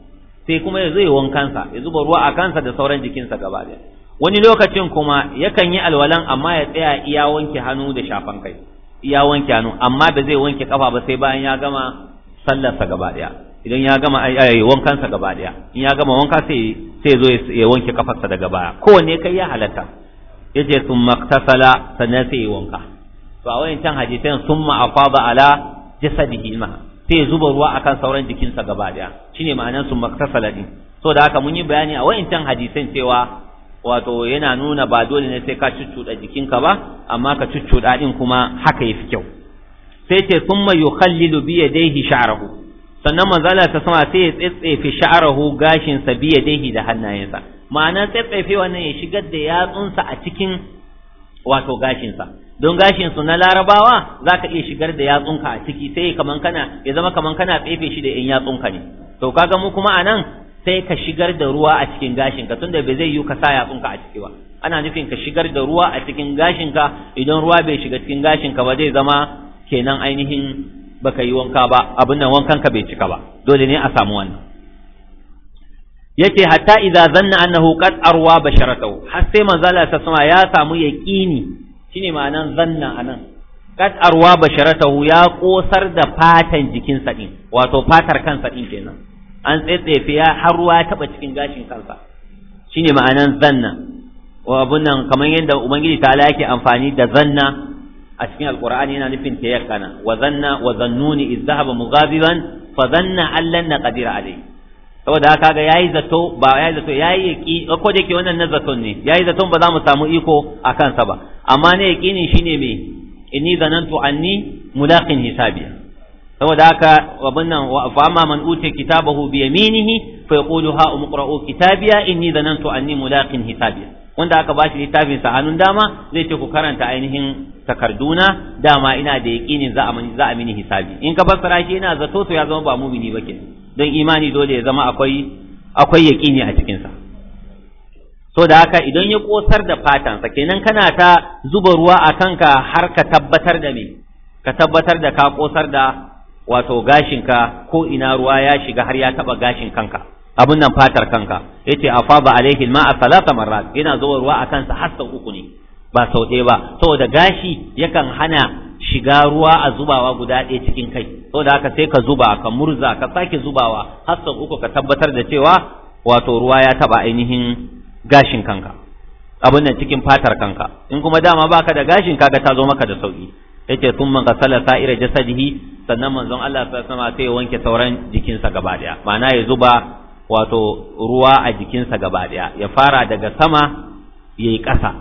sai kuma ya zai wankansa ya zuba ruwa a kansa da sauran jikinsa gaba ɗaya wani lokacin kuma yakan yi alwalan amma ya tsaya iya wanke hannu da shafan kai iya wanke hannu amma da zai wanke kafa ba sai bayan ya gama sallarsa gaba ɗaya idan ya gama wankansa gaba ɗaya in ya gama wanka sai sai zo ya wanke kafarsa daga baya kowanne kai ya halatta yaje sun maktasala sannan sai ya wanka to a wayancan hadisan summa afada ala jasadihi ma sai zuba ruwa akan sauran jikinsa gaba daya shine ma'anar sun maktasala din so da haka mun yi bayani a wayancan hadisan cewa wato yana nuna ba dole ne sai ka cuccuɗa jikinka ba amma ka cuccuɗa din kuma haka yafi kyau sai ce mai yukhallilu bi yadayhi sha'arahu, sannan manzala ta sama sai ya tsetsefe sha'rahu gashinsa sa bi da hannayensa ma'ana tsetsefe wannan ya shigar da yatsunsa a cikin wato gashinsa. don gashin su na larabawa zaka iya shigar da yatsunka a ciki sai kaman kana ya zama kaman kana tsefe shi da in yatsunka ne to kaga mu kuma anan sai ka shigar da ruwa a cikin gashin ka tunda bai zai yi ka sa yatsunka a ciki ba ana nufin ka shigar da ruwa a cikin gashin ka idan ruwa bai shiga cikin gashin ka ba zai zama kenan ainihin baka yi wanka ba abin nan wankan ka bai cika ba dole ne a samu wannan yace hatta idza zanna annahu qad arwa basharatu har sai manzala ta sama ya samu yaqini shine ma'anan zanna anan kad arwa basharatahu ya kosar da fatan jikinsa din wato fatar kansa din kenan an tsetsefe ya har ruwa taba cikin gashin kansa shine ma'anan zanna wa abun nan kamar yadda ubangiji ta yake amfani da zanna a cikin alqur'ani yana nufin tayakkana wa zanna wa zannuni iz dhahaba mughaziban fa zanna allan naqdir alayhi saboda haka ga yayi zato ba yayi zato yayi yaki ko da yake wannan na zaton ne yayi zaton ba za mu samu iko akan sa ba amma ne yaqinin shine me inni zanantu anni mulaqin hisabiya saboda haka abin nan wa amma man uti kitabahu bi yaminihi fa yaqulu ha umqra'u kitabiya inni zanantu anni mulaqin hisabiya wanda aka bashi littafin sa hannun dama zai ce ku karanta ainihin takarduna dama ina da yaƙinin za a mini hisabi in ka fassara shi ina zato to ya zama ba mumini ba kenan don imani dole ya zama akwai akwai a cikin sa to da haka idan ya kosar da fatansa kenan kana ta zuba ruwa a kanka har ka tabbatar da me ka tabbatar da ka kosar da wato gashinka ko ina ruwa ya shiga har ya taba gashin kanka abun nan fatar kanka yace afaba alaihi a salata marrat yana zuba ruwa a kansa har sau uku ne ba sau ɗaya ba saboda gashi yakan hana shiga ruwa a zubawa guda ɗaya cikin kai saboda haka sai ka zuba ka murza ka sake zubawa har sau uku ka tabbatar da cewa wato ruwa ya taba ainihin gashin kanka abin nan cikin fatar kanka in kuma dama baka da gashin kaga ta zo maka da sauki yace sun man kasala sa'ira jasadihi sannan manzon Allah sallallahu alaihi wasallam sai wanke sauran jikinsa gaba daya ma'ana ya zuba wato ruwa a jikinsa gaba daya ya fara daga sama yayi ƙasa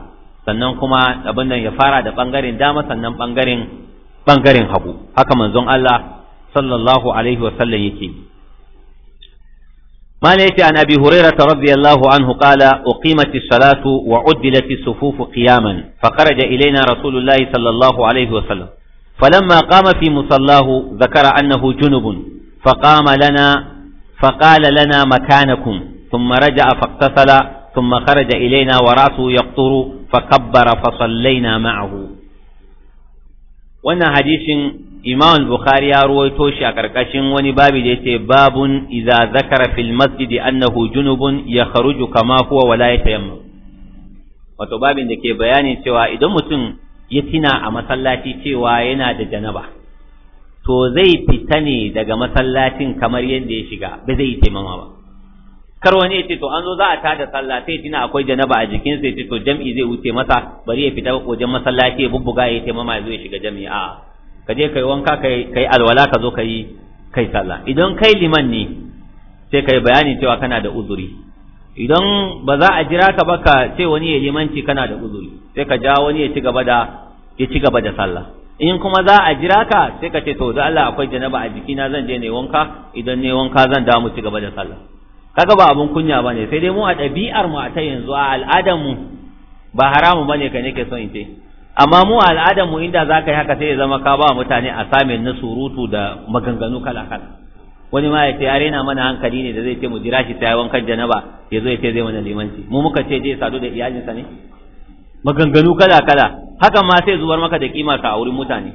sannan kuma abin nan ya fara da bangaren dama sannan bangaren bangaren hagu haka manzon Allah sallallahu alaihi wasallam yake ما ليت عن أبي هريرة رضي الله عنه قال أقيمت الصلاة وعدلت الصفوف قياما فخرج إلينا رسول الله صلى الله عليه وسلم فلما قام في مصلاه ذكر أنه جنب فقام لنا فقال لنا مكانكم ثم رجع فاقتصل ثم خرج إلينا ورأسه يقطر فكبر فصلينا معه وانا حديث imam bukhari ya ruwaito shi a karkashin wani babi da yace babun idza zakara fil masjid annahu junubun ya kharuju kama huwa wala yatayammam wato babin da ke bayani cewa idan mutum ya tina a masallaci cewa yana da janaba to zai fita ne daga masallacin kamar yadda ya shiga ba zai yi taimama ba kar wani ya ce to an zo za a tada sallah sai tina akwai janaba a jikin sai ce to jam'i zai wuce masa bari ya fita wajen masallaci ya bubbuga ya taimama ya zo ya shiga jam'i a'a ka je kai wanka kai kai alwala ka zo kai kai sallah idan kai liman ne sai kai bayani cewa kana da uzuri idan ba za a jira ka ba ka ce wani ya limanci kana da uzuri sai ka ja wani ya ci gaba da ya ci gaba da sallah in kuma za a jira ka sai ka ce to da Allah akwai janaba a jikina zan je ne wanka idan ne wanka zan dawo mu ci gaba da sallah kaga ba abun kunya bane sai dai mu a ɗabi'ar mu a ta yanzu a al'adar mu ba haramu bane kai nake son in ce amma mu al'adar mu inda zaka yi haka sai ya zama ka ba mutane a samin na surutu da maganganu kala kala wani ma ya ce yare na mana hankali ne da zai ce mu jira shi ta wankan kan janaba ya zo ya ce zai mana limanci mu muka ce je sadu da iyalinsa ne maganganu kala kala hakan ma sai zubar maka da kima a wurin mutane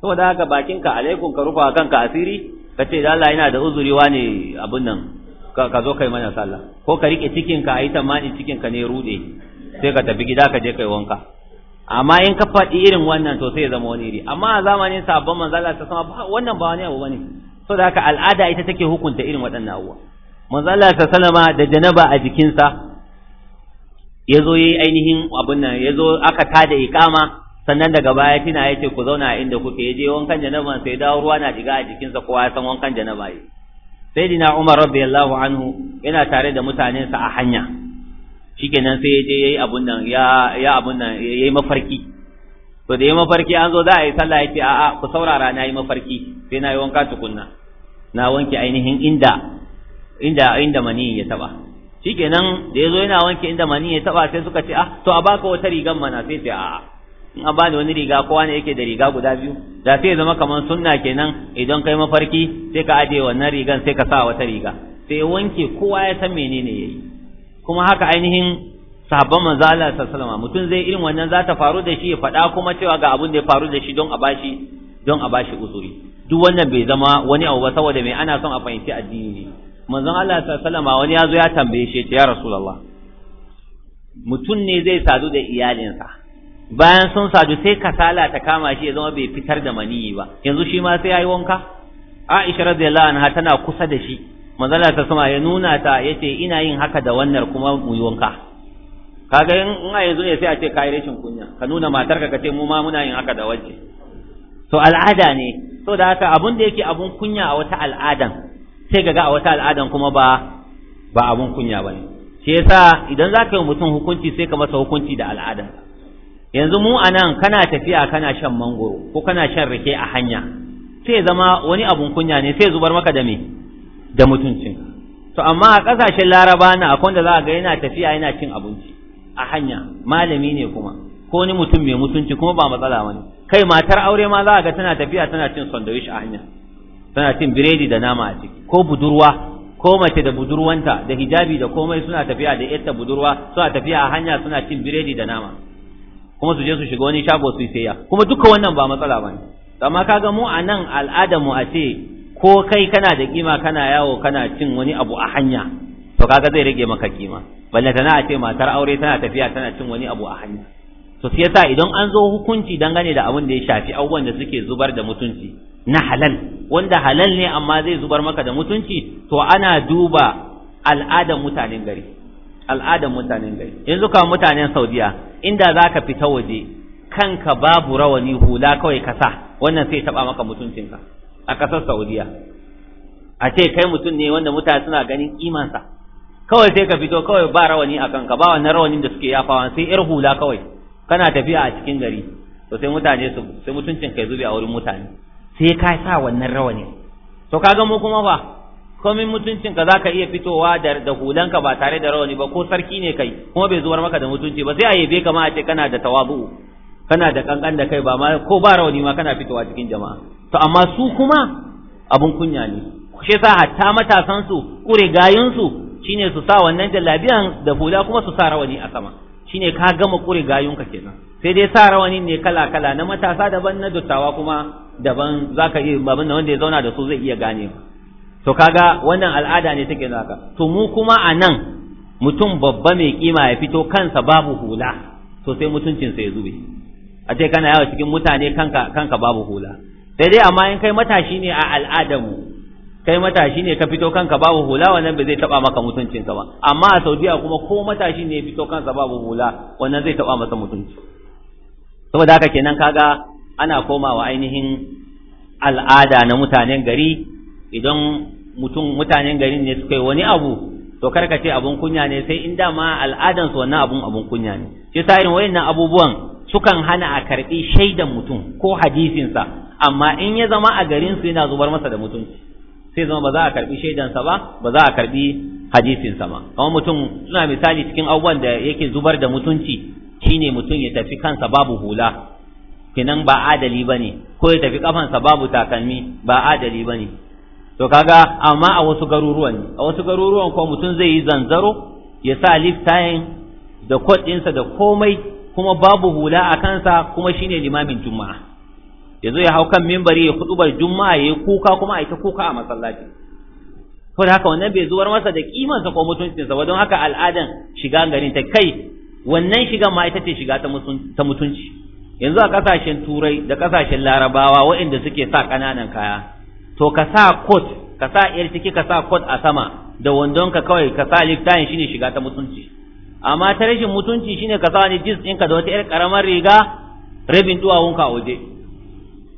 saboda haka bakinka alaikum ka rufa kanka asiri ka ce da Allah yana da uzuri wani abun nan ka zo kai mana sallah ko ka rike cikin ka ayi tamani cikin ka ne rude sai ka tafi gida ka je kai wanka amma in ka faɗi irin wannan to sai ya zama wani iri amma a zamanin sabon manzala ta sama wannan ba wani abu bane so da haka al'ada ita take hukunta irin waɗannan abubuwa manzala ta salama da janaba a jikinsa ya zo yayi ainihin abun nan ya zo aka tada ikama sannan daga baya tina ya ce ku zauna a inda kuke ya je wankan janaba sai dawo ruwa na diga a jikinsa kowa ya san wankan janaba yi sayyidina umar radiyallahu anhu yana tare da mutanensa a hanya shikenan sai ya je yayi abun nan ya ya abun nan yayi mafarki to da yayi mafarki an zo za a yi sallah yace a'a ku saurara na yi mafarki sai na yi wanka tukunna na wanke ainihin inda inda inda mani ya taba shikenan da yazo yana wanke inda mani ya taba sai suka ce ah to a baka wata rigan mana sai ce a'a in a bani wani riga kowa ne yake da riga guda biyu da sai zama kaman sunna kenan idan kai mafarki sai ka aje wannan rigan sai ka sa wata riga sai wanke kowa ya san menene yayi kuma haka ainihin sahabban manzo Allah sallallahu mutum zai irin wannan za ta faru da shi ya faɗa kuma cewa ga abin da ya faru da shi don a bashi don a bashi uzuri duk wannan bai zama wani abu ba saboda mai ana son a fahimci addini ne manzon Allah sallallahu wani ya zo ya tambaye shi ya rasulullah mutum ne zai sadu da iyalinsa bayan sun sadu sai kasala ta kama shi ya zama bai fitar da maniyi ba yanzu shi ma sai yayi wanka Aisha radiyallahu anha tana kusa da shi manzala ta sama ya nuna ta ya ce ina yin haka da wannan kuma mu yi wanka kaga in ina yanzu ne sai a ce kayi rashin kunya ka nuna matarka ka ce mu ma muna yin haka da wacce to al'ada ne so da haka abun da yake abun kunya a wata al'adan sai ga a wata al'adan kuma ba ba abun kunya bane shi yasa idan zaka yi mutum hukunci sai ka masa hukunci da al'adan yanzu mu anan kana tafiya kana shan mangoro ko kana shan rike a hanya sai zama wani abun kunya ne sai zubar maka da me da mutuncin to amma a kasashen laraba na akwai da za ga yana tafiya yana cin abinci a hanya malami ne kuma ko ni mutum mai mutunci kuma ba matsala wani kai matar aure ma za ga tana tafiya tana cin sandwich a hanya tana cin biredi da nama a ciki ko budurwa ko mace da budurwanta da hijabi da komai suna tafiya da yarta budurwa suna tafiya a hanya suna cin biredi da nama kuma su je su shiga wani shago su sayya kuma duka wannan ba matsala bane amma kaga mu a nan al'adar mu a ce ko kai kana da kima kana yawo kana cin wani abu a hanya to kaga zai rage maka kima balle tana a ce matar aure tana tafiya tana cin wani abu a hanya to sai yasa idan an zo hukunci dangane da abin da ya shafi abubuwan da suke zubar da mutunci na halal wanda halal ne amma zai zubar maka da mutunci to ana duba al'adan mutanen gari al'adan mutanen gari yanzu ka mutanen Saudiya inda zaka fita waje kanka babu rawani hula kawai ka sa wannan sai taba maka mutuncinka a ƙasar saudiya a ce kai mutum ne wanda mutane suna ganin imansa. kawai sai ka fito kawai ba rawani a kanka ba wannan rawanin da suke yafawa sai yar hula kawai kana tafiya a cikin gari to sai mutane su sai mutuncin kai zube a wurin mutane sai ka sa wannan rawanin to kaga mu kuma ba komin mutuncin ka zaka iya fitowa da da hulanka ba tare da rawani ba ko sarki ne kai kuma bai zuwar maka da mutunci ba sai a yabe kama a ce kana da tawabu kana da kankan da kai ba ma ko ba rawani ma kana fitowa cikin jama'a to amma su kuma abun kunya ne shi yasa hatta matasan su kure gayun su shine su sa wannan jallabiyan da hula kuma su sa rawani a sama shine ka gama kure gayun ka kenan sai dai sa rawani ne kala kala na matasa daban na dottawa kuma daban zaka iya babin wanda ya zauna da su zai iya gane to kaga wannan al'ada ne take zaka to mu kuma a nan mutum babba mai kima ya fito kansa babu hula to sai mutuncinsa ya zube a ce kana yawo cikin mutane kanka kanka babu hula sai dai amma in kai matashi ne a al'adamu kai matashi ne ka fito kanka babu hula wannan ba zai taba maka mutuncinka ba amma a Saudiya kuma ko matashi ne fito kansa babu hula wannan zai taba masa mutunci saboda haka kenan kaga ana komawa ainihin al'ada na mutanen gari idan mutum mutanen garin ne suka yi wani abu to karka ce abun kunya ne sai in dama al'adansu wannan abun abun kunya ne shi sa irin wayannan abubuwan sukan hana a karɓi shaidan mutum ko hadisinsa amma in ya zama a garinsu yana zubar masa da mutunci sai zama ba za a karɓi shaidansa ba ba za a karɓi hadisinsa ba kamar mutum suna misali cikin abubuwan da yake zubar da mutunci shine mutum ya tafi kansa babu hula kinan ba adali ba ne ko ya tafi kafansa babu takalmi ba adali ba ne to kaga amma a wasu garuruwan ne a wasu garuruwan ko mutum zai yi zanzaro ya sa liftayin da kod ɗinsa da komai kuma babu hula a kansa kuma shine limamin juma'a yazo ya hau kan minbari ya khutubar juma'a yayi kuka kuma a ta kuka a masallaci ko da haka wannan bai zuwar masa da kiman sa ko mutuncin sa don haka al'adan shiga garin ta kai wannan shiga ma ita ce shiga ta mutunci yanzu a kasashen turai da kasashen larabawa waɗanda suke sa kananan kaya to ka sa coat ka sa yar ciki ka sa coat a sama da wandonka kawai ka sa liftayin shine shiga ta mutunci amma ta rashin mutunci shine ka sa ni jins ɗinka da wata 'yar ƙaramar riga rabin duwawunka a waje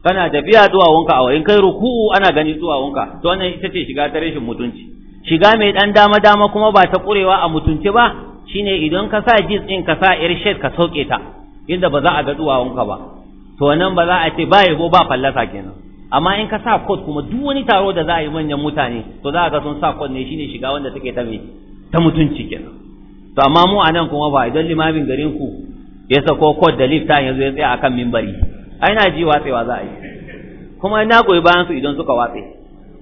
kana tafiya duwawunka a In kai ruku'u ana ganin duwawunka to wannan ita ce shiga ta rashin mutunci shiga mai ɗan dama dama kuma ba ta ƙurewa a mutunci ba shine idan ka sa jins ɗin ka sa 'yar shed ka sauke ta inda ba za a ga duwawunka ba to nan ba za a ce ba yabo ba fallasa kenan amma in ka sa kot, kuma duk wani taro da za a yi manyan mutane to za a ga sun sa code ne shine shiga wanda take ta mai ta mutunci kenan to amma mu anan kuma ba idan limamin garin ku ya sako kod da lifta yanzu ya tsaya akan mimbari ai na ji watsewa za a yi kuma na goyi bayan su idan suka watse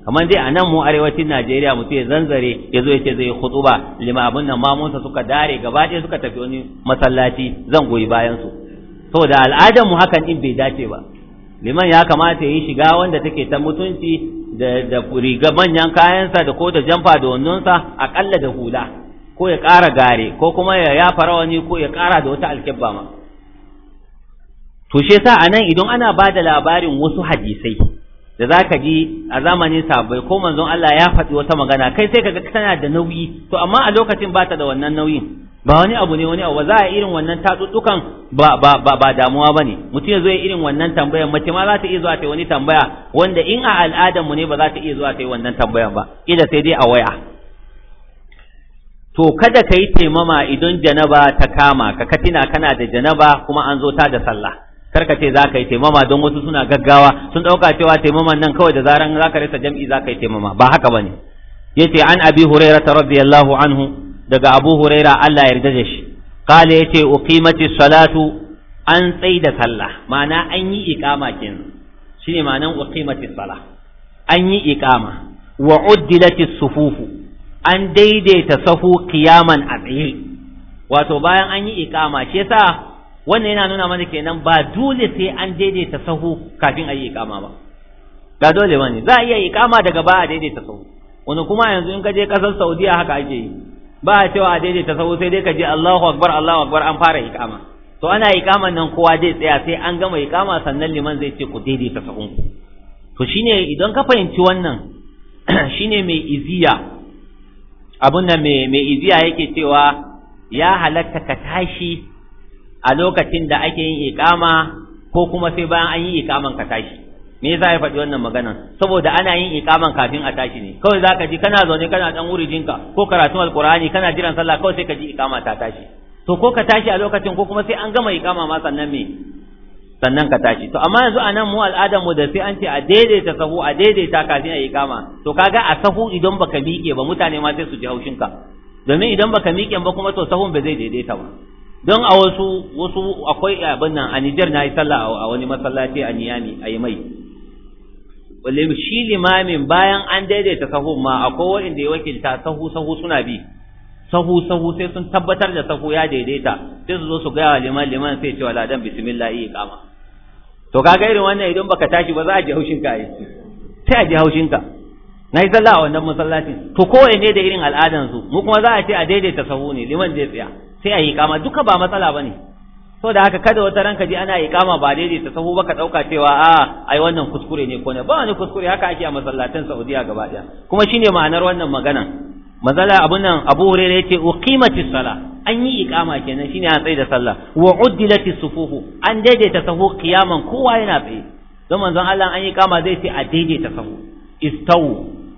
kamar dai a mu arewacin Najeriya mutum ya zanzare ya zo ya ce zai khutuba limamin abun nan mamunsa suka dare gaba ɗaya suka tafi wani masallaci zan goyi bayan su saboda al'adar mu hakan din bai dace ba liman ya kamata ya yi shiga wanda take ta mutunci da riga manyan kayansa da ko da jamfa da sa akalla da hula ko ya ƙara gare ko kuma ya yafa rawani ko ya ƙara da wata alkibba ma to shi yasa anan idan ana ba da labarin wasu hadisai da zaka ji a zamanin sabai ko manzon Allah ya faɗi wata magana kai sai kaga tana da nauyi to amma a lokacin ba ta da wannan nauyin ba wani abu ne wani abu za a irin wannan tatuttukan ba ba ba, ba damuwa bane mutum ya zo ya irin wannan tambayar mace ma za ta iya zuwa ta wani tambaya wanda in a al'adar mu ne ba za ta iya zuwa ta yi wannan tambayar ba ila sai dai a waya to kada ka yi taimama idan janaba ta kama ka katina kana da janaba kuma an zo ta da sallah kar ka ce za ka yi taimama don wasu suna gaggawa sun ɗauka cewa taimaman nan kawai da zaran za ka rasa jam'i za ka yi taimama ba haka ba ne ya ce an abi huraira ta radiyallahu anhu daga abu huraira allah ya yarda da shi kala ya ce uqimati salatu an tsai da sallah ma'ana an yi iqama kenan shine ma'anan uqimati salah an yi iqama wa uddilati sufufu an daidaita sahu kiyaman a tsaye wato bayan an yi ikama shi yasa wannan yana nuna mana kenan ba dole sai an daidaita sahu kafin ayi yi ikama ba ga dole wani za a iya ikama daga ba a daidaita sahu wani kuma yanzu in ka je kasar Saudiya haka ake yi ba a cewa a daidaita sahu sai dai ka je Allahu akbar Allahu akbar an fara ikama to ana ikaman nan kowa zai tsaya sai an gama ikama sannan liman zai ce ku daidaita sahu to shine idan ka fahimci wannan shine mai iziya abun nan mai iziya yake cewa ya halatta ka tashi a lokacin da ake yin ikama ko kuma sai bayan an yi ikaman ka tashi me za ya faɗi wannan maganan saboda ana yin ikaman kafin a tashi ne kawai za ka ji kana zaune kana ɗan wurijinka ko karatun alkur'ani kana jiran sallah kawai sai ka ji ikama ta tashi to ko ka tashi a lokacin ko kuma sai an gama ikama ma sannan me sannan ka tashi to amma yanzu anan mu al'adar mu da sai an ce a daidaita sahu a daidaita kafin a yi kama, to kaga a sahu idan baka miƙe ba mutane ma sai su ji haushin ka domin idan baka miƙe ba kuma to sahun ba zai daidaita ba don a wasu wasu akwai abin nan a Niger na yi sallah a wani masallaci a Niyami a yi mai shi limamin bayan an daidaita sahu ma akwai waɗanda ya wakilta sahu sahu suna bi sahu sahu sai sun tabbatar da sahu ya daidaita sai su zo su gaya wa liman liman sai ce wa ladan bismillah yi kama to kaga irin wannan idan baka tashi ba za a ji haushin ka sai a ji haushin ka na yi sallah a wannan masallacin to kowa ne da irin al'adan su mu kuma za a ce a daidaita sahu ne liman zai tsaya sai a yi kama duka ba matsala bane so da haka kada wata ranka ji ana yi kama ba daidaita sahu ba ka dauka cewa a ai wannan kuskure ne ko ne ba wani kuskure haka ake a masallatan Saudiya gaba daya kuma shine ma'anar wannan magana mazala abun nan abu hurairah yace uqimati sala an yi iqama kenan shine an tsaye da sallah wa uddilati sufuhu an daidaita sahu qiyaman kowa yana tsaye don manzon Allah an yi iqama zai ce a daidaita sahu Istawu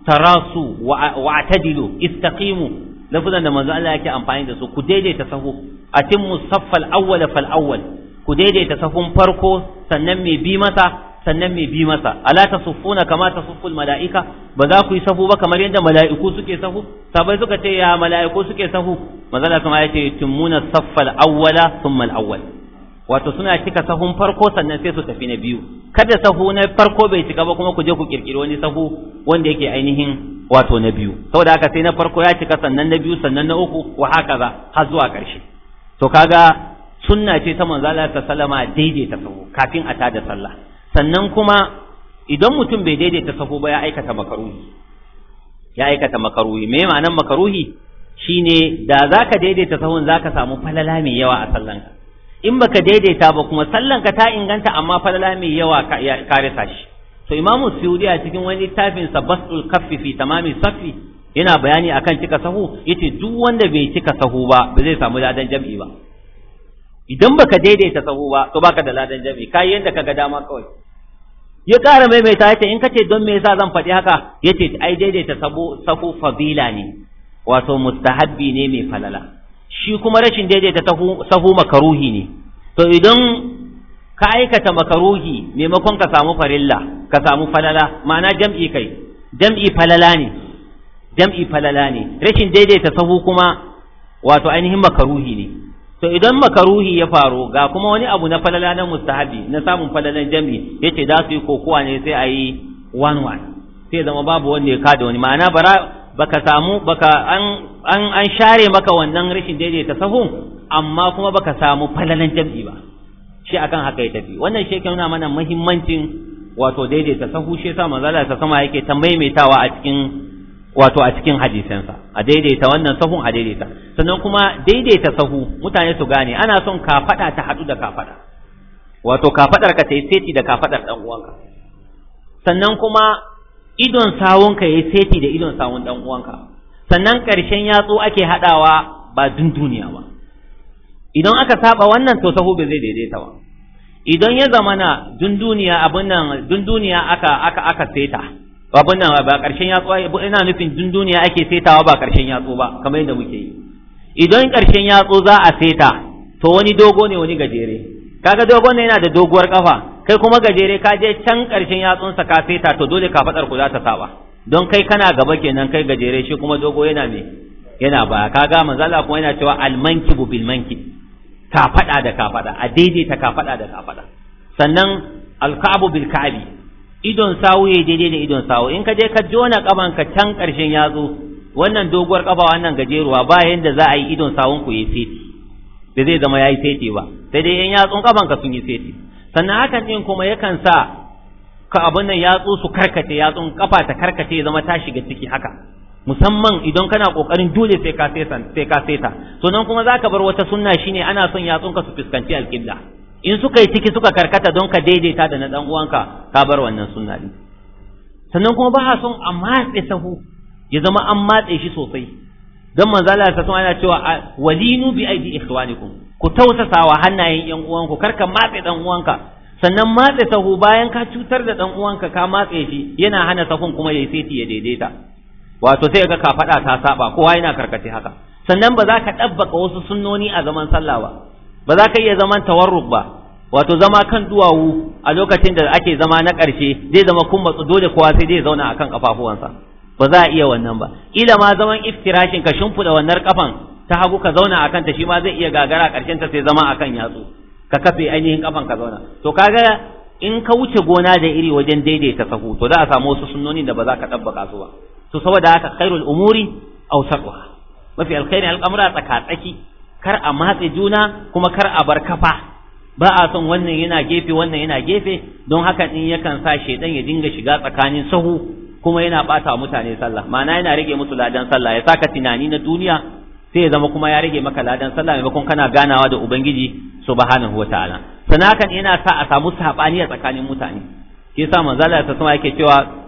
tarasu wa atadilu istaqimu lafazan da manzon Allah yake amfani da su ku daidaita sahu atimmu saffal awwala fal awwal ku daidaita sahun farko sannan mai bi masa sannan mai bi masa ala tasuffuna kama tasufful malaika ba za ku yi sahu ba kamar yadda mala'iku suke sahu sabai suka ce ya mala'iku suke sahu manzala kuma ya ce tummuna saffal awwala thumma al-awwal wato suna cika sahun farko sannan sai su tafi na biyu kada sahu na farko bai cika ba kuma ku je ku kirkiri wani sahu wanda yake ainihin wato na biyu saboda haka sai na farko ya cika sannan na biyu sannan na uku wa haka za, har zuwa ƙarshe to kaga sunna ce ta manzala ta sallama daidaita sahu kafin a tada sallah sannan kuma idan mutum bai daidaita sahu ba ya aikata makaruhi ya aikata makaruhi me ma'anar makaruhi shine da zaka daidaita sahun zaka samu falala mai yawa a sallanka in baka daidaita ba kuma sallanka ta inganta amma falala mai yawa ka karisa shi to imamu suyudi a cikin wani littafin sa basul kaffi fi tamami safi yana bayani akan cika sahu yace duk wanda bai cika sahu ba ba zai samu ladan jami'i ba idan baka daidaita sahu ba to baka da ladan jami'i kai yanda kaga dama kawai ya ƙara maimaita ya ce in kace don me yasa zan faɗi haka ya ce ai daidaita sahu fabila ne wato mustahabbi ne mai falala shi kuma rashin daidaita sahu makaruhi ne to idan ka aikata makaruhi maimakon ka samu farilla ka samu falala ma'ana jam'i kai jam'i falala ne jam'i falala ne rashin daidaita sahu kuma wato ainihin makaruhi ne to idan makaruhi ya faru ga kuma wani abu na falala na mustahabi na samun falalan jami yace za su yi kokowa ne sai a yi one one sai zama babu wanda ya kada wani ma'ana bara baka samu baka an an an share maka wannan rashin daidaita sahun amma kuma baka samu falalan jami ba shi akan haka ya tafi wannan shi nuna mana muhimmancin wato daidaita sahu shi yasa manzo Allah sama yake ta maimaitawa a cikin wato a cikin hadisansa a daidaita wannan sahun a daidaita sannan kuma daidaita sahu mutane su gane ana son kafada ta hadu da kafada wato kafadar ka tayi seti da kafadar dan uwanka sannan kuma idon sawunka yayi seti da idon sawun dan uwanka sannan karshen yatsu ake hadawa ba duniya ba idan aka saba wannan to sahu bai zai daidaita ba idan ya zamana duniya abin nan duniya aka aka aka seta babun nan ba karshen yatsu ina nufin du-duniya ake setawa ba karshen yatsu ba kamar yadda muke yi idan karshen yatsu za a seta to wani dogo ne wani gajere kaga dogon ne yana da doguwar kafa kai kuma gajere ka je can karshen yatsunsa ka seta to dole ka fadar ku za ta saba don kai kana gaba kenan kai gajere shi kuma dogo yana me yana ba kaga manzala kuma yana cewa almankibu bil manki ka faɗa da ka faɗa a daidaita ka faɗa da ka faɗa sannan alkabu bil ka'abi idon sawu ya daidai da idon sawu in ka je ka jona kaban ka can karshen yatsu wannan doguwar kaba wannan gajeruwa ba yanda za a yi idon sawun ku yi feti ba zai zama yayi feti ba sai dai yan yatsun kaban ka sun yi feti sannan hakan din kuma yakan sa ka abun nan yatsu su karkace yatsun kafa ta karkace ya zama ta shiga ciki haka musamman idan kana kokarin dole sai ka sai sai ka sai ta nan kuma zaka bar wata sunna shine ana son yatsunka su fuskanci alqibla in suka yi ciki suka karkata don ka daidaita da na dan uwanka ka bar wannan sunna din sannan kuma ba son a matse sahu ya zama an matse shi sosai don manzo Allah ta ana cewa walinu bi aidi ikhwanikum ku tausasa wa hannayen yan uwanku kar ka matse dan uwanka sannan matse sahu bayan ka cutar da dan uwanka ka matse shi yana hana sahun kuma ya seti ya daidaita wato sai ga ka faɗa ta saba kowa yana karkace haka sannan ba za ka ɗabbaka wasu sunnoni a zaman sallah ba ba za ka iya zaman tawarruk ba wato zama kan duwawu a lokacin da ake zama na ƙarshe zai zama kun matsu dole kowa sai zai zauna akan kafafuwansa ba za a iya wannan ba ila ma zaman iftirashin ka shimfiɗa wannan kafan ta hagu ka zauna akan ta shi ma zai iya gagara ƙarshen ta sai zama akan yatsu ka kafe ainihin kafan ka zauna to kaga in ka wuce gona da iri wajen daidaita sahu to za a samu wasu sunnoni da ba za ka tabbaka su ba to saboda haka khairul umuri awsatuha mafi alkhairi tsaka tsaki. kar a matse juna kuma kar a bar kafa ba a son wannan yana gefe wannan yana gefe don haka din yakan sa shedan ya dinga shiga tsakanin sahu kuma yana bata mutane sallah ma'ana yana rage musu ladan sallah ya saka tunani na duniya sai ya zama kuma ya rage maka ladan sallah maimakon kana ganawa da ubangiji subhanahu wataala kan yana sa a samu sabani a tsakanin mutane ke sa manzo Allah ta sama yake cewa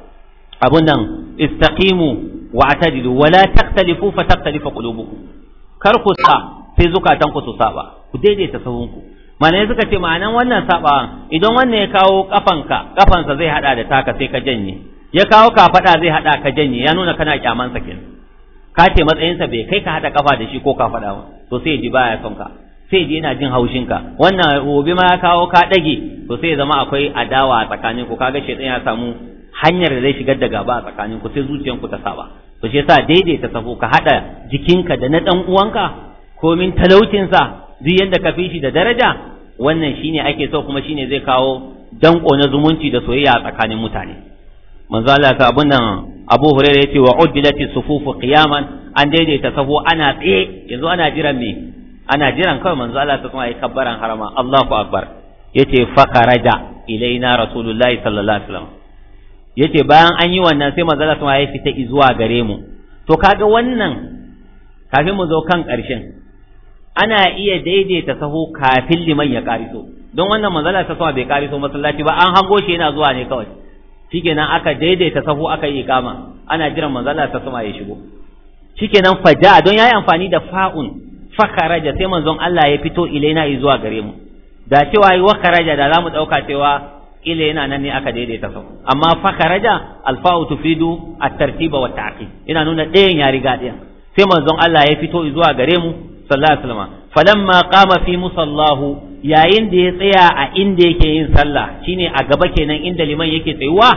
abun nan istaqimu wa atadilu wa la taqtalifu fa taqtalifu qulubukum kar ku sa sai zukatan ku su saba ku daidaita sahun ku malai suka ce ma'anan wannan saba idan wannan ya kawo kafanka kafansa zai hada da taka sai ka janye ya kawo kafada zai hada ka janye ya nuna kana kyaman sa kin ka ce sa bai kai ka hada kafa da shi ko ka ba to sai ji baya son ka sai ji yana jin haushin ka wannan gobe ma ya kawo ka dage to sai zama akwai adawa a tsakanin ku kaga shedan ya samu hanyar da zai shigar da gaba a tsakanin ku sai zuciyanku ta saba to shi yasa daidaita sabo ka hada jikinka da na dan uwanka komin talaucinsa duk yadda ka fi shi da daraja wannan shine ake so kuma shine zai kawo danko na zumunci da soyayya a tsakanin mutane manzo Allah ta abun nan Abu Hurairah yace wa uddilati sufufu qiyaman an daidaita sahu ana tsaye yanzu ana jiran me ana jiran kawai manzo Allah ta kuma yi kabbaran harama Allahu akbar yace fakaraja ilaina rasulullahi sallallahu alaihi wasallam yace bayan an yi wannan sai manzo Allah ta ya fita izuwa gare mu to kaga wannan kafin mu zo kan ƙarshen ana iya daidaita sahu kafin liman ya kariso don wannan manzala ta sama bai kariso masallaci ba an hango shi yana zuwa ne kawai shikenan aka daidaita sahu aka yi kama ana jiran manzala ta sama ya shigo shikenan faja don yayi amfani da fa'un fakaraja sai manzon Allah ya fito ilaina zuwa gare mu da cewa yi wa karaja da zamu dauka cewa ila yana nan ne aka daidaita sahu amma fa karaja alfa'u tufidu at-tartiba wa ta'qib ina nuna ɗayan ya riga ɗayan sai manzon Allah ya fito zuwa gare mu sallallahu alaihi wasallam falamma qama fi musallahu yayin da ya tsaya a inda yake yin sallah shine a gaba kenan inda liman yake tsayuwa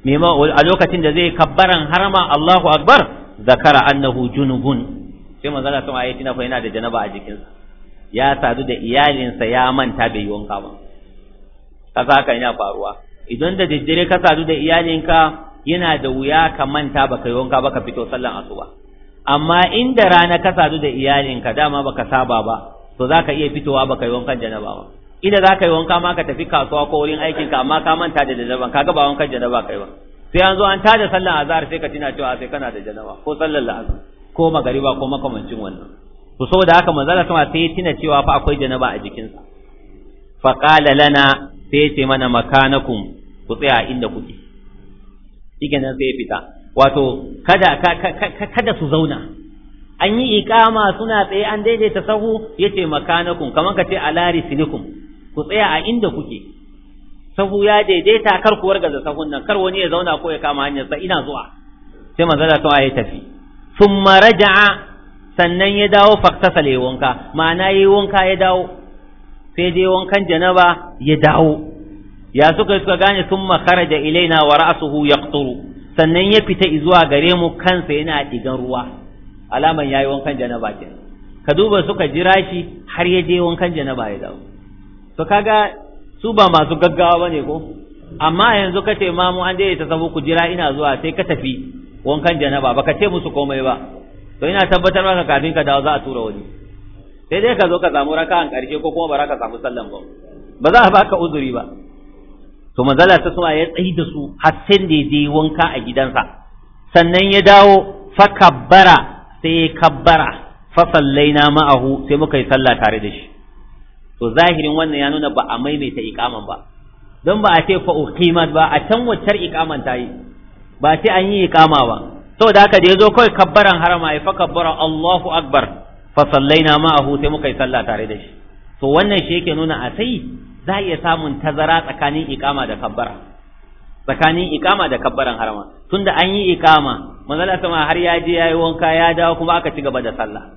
a lokacin da zai kabbaran harma Allahu akbar zakara annahu junubun sai manzo Allah sama ayatina fa yana da janaba a jikinsa ya sadu da iyalinsa ya manta bai yi wanka ba kaza haka yana faruwa idan da daddare ka sadu da iyalinka yana da wuya ka manta baka yi wanka baka fito sallan asuba amma inda rana ka sadu da iyalinka dama baka saba ba to zaka iya fitowa baka yi wankan janaba ba inda zaka yi wanka ma ka tafi kasuwa ko wurin aikin ka amma ka manta da janaba kaga ba wankan janaba kai ba sai an zo an tada sallar azhar sai ka tuna cewa sai kana da janaba ko sallar azhar ko magariba ko makamancin wannan to saboda haka manzala sama sai tuna cewa fa akwai janaba a jikinsa fa qala lana sai ce mana makanakum ku tsaya inda kuke shikenan sai ya fita wato kada kada su zauna an yi iqama suna tsaye an daidaita sahu ya yace makanakum kaman ce lari sinikum ku tsaya a inda kuke sahu ya daidaita kar ku wargaza sahun nan kar wani ya zauna ko ya kama hanyar sa ina zuwa sai manzala ta ya tafi thumma raja'a sannan ya dawo faktasal ya wanka ma'ana yi wanka ya dawo sai dai wankan janaba ya dawo ya suka suka gane sun makara da ilaina wa ya yaqturu sannan ya fita zuwa gare mu kansa yana digan ruwa alaman yayi wankan janaba ke ka duba suka jira shi har ya je wankan janaba ya dawo to kaga su ba masu gaggawa bane ko amma yanzu kace ma mu an je ta sabu ku jira ina zuwa sai ka tafi wankan janaba baka ce musu komai ba to ina tabbatar maka kafin ka dawo za a tura wani sai dai ka zo ka samu raka'an karshe ko kuma ba za ka samu sallan ba ba za a baka uzuri ba to manzala ta su ya tsayi da su har sai da je wanka a gidansa sannan ya dawo fa kabbara sai ya kabbara fa sallaina ma'ahu sai muka yi sallah tare da shi to zahirin wannan ya nuna ba a maimaita iqaman ba don ba a ce fa uqimat ba a can waccar iqaman ta yi ba sai an yi iqama ba saboda haka da ya zo kawai kabbaran harama ya fa kabbara Allahu akbar fa sallaina ma'ahu sai muka yi sallah tare da shi to wannan shi yake nuna a sai za a iya samun tazara tsakanin ikama da kabbara tsakanin ikama da kabbaran harama tunda an yi ikama manzala sama har ya je ya yi wanka ya dawo kuma aka ci gaba da sallah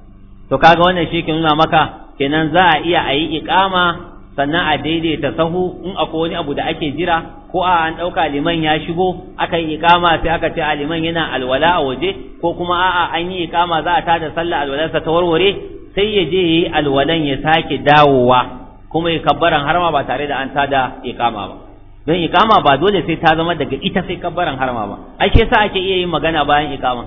to kaga wannan shi ke nuna maka kenan za a iya a yi ikama sannan a daidaita sahu in akwai wani abu da ake jira ko a an ɗauka liman ya shigo aka yi ikama sai aka ce a liman yana alwala a waje ko kuma a'a an yi ikama za a tada sallah alwalarsa ta warware sai ya je ya yi alwalan ya sake dawowa kuma ya kabbaran harma ba tare da an tada iqama ba don ikama ba dole sai ta zama daga ita sai kabbaran harma ba ai shi yasa ake iya yin magana bayan iqama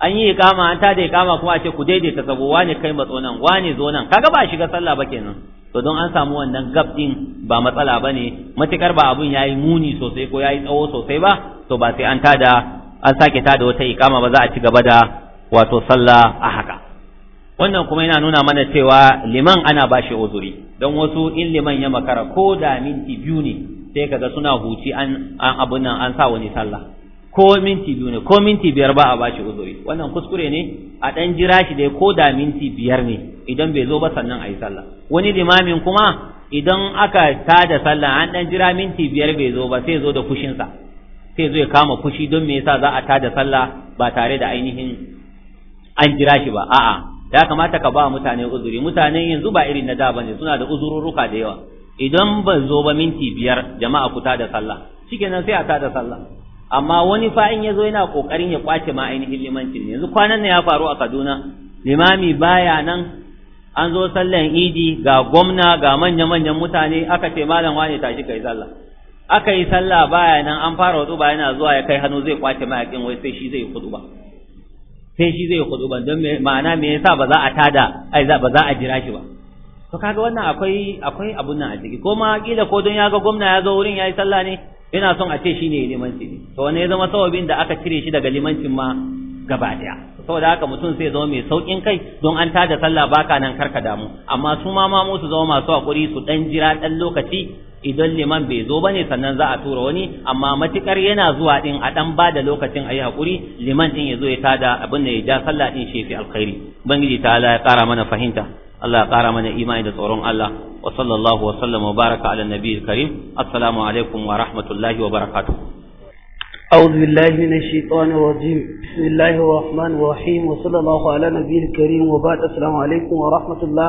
an yi ikama an tada iqama kuma a ce ku daidaita sabo wani kai matso nan wani zo nan kaga ba shiga sallah ba kenan to don an samu wannan gab din ba matsala bane matukar ba abun yayi muni sosai ko yayi tsawo sosai ba to ba sai an tada an sake tada wata iqama ba za a ci gaba da wato sallah a haka wannan kuma yana nuna mana cewa liman ana bashi uzuri don wasu in liman ya makara ko da minti biyu ne sai kaga suna huci an abun nan an sa wani sallah ko minti biyu ne ko minti biyar ba a bashi uzuri wannan kuskure ne a dan jira shi dai ko da minti biyar ne idan bai zo ba sannan a yi sallah wani limamin kuma idan aka ta da sallah an dan jira minti biyar bai zo ba sai zo da fushinsa sai ya kama fushi don me yasa za a ta da sallah ba tare da ainihin an jira shi ba a'a ya kamata ka ba mutane uzuri mutane yanzu ba irin na da bane suna da uzururruka da yawa idan ban zo ba minti biyar jama'a ku da sallah shikenan sai a tada sallah amma wani fa in yazo yana kokarin ya kwace ma ainihin limancin yanzu kwanan ne ya faru a Kaduna limami baya nan an zo sallan idi ga gwamna ga manya manyan mutane aka ce malam wane tashi kai sallah aka yi sallah baya nan an fara wudu baya yana zuwa ya kai hannu zai kwace mayakin wai sai shi zai kudu ba sai shi zai kudu ban don ma'ana me yasa ba za a tada ai za ba za a jira shi ba to kaga wannan akwai akwai abun nan a ciki ko ma kila ko don ya ga gwamna ya zo wurin yayi sallah ne ina son a ce shine limanci ne to wanne ya zama sawabin da aka cire shi daga limancin ma gaba daya saboda haka mutum sai zama mai saukin kai don an tada sallah baka nan karka damu amma su ma ma mu su zama masu hakuri su dan jira dan lokaci idan liman bai zo bane sannan za a tura wani amma matukar yana zuwa din a dan bada lokacin ayi hakuri liman din ya zo ya tada abin da ya ja sallah din shi fi alkhairi Bangiji ta ta'ala ya kara mana fahimta Allah ya kara mana imani da tsoron Allah wa sallallahu wa sallama wa baraka ala nabiyil karim assalamu alaikum wa rahmatullahi wa barakatuh أعوذ بالله من الشيطان الرجيم بسم الله الرحمن الرحيم وصلى الله على نبيه الكريم وبعد السلام عليكم ورحمة الله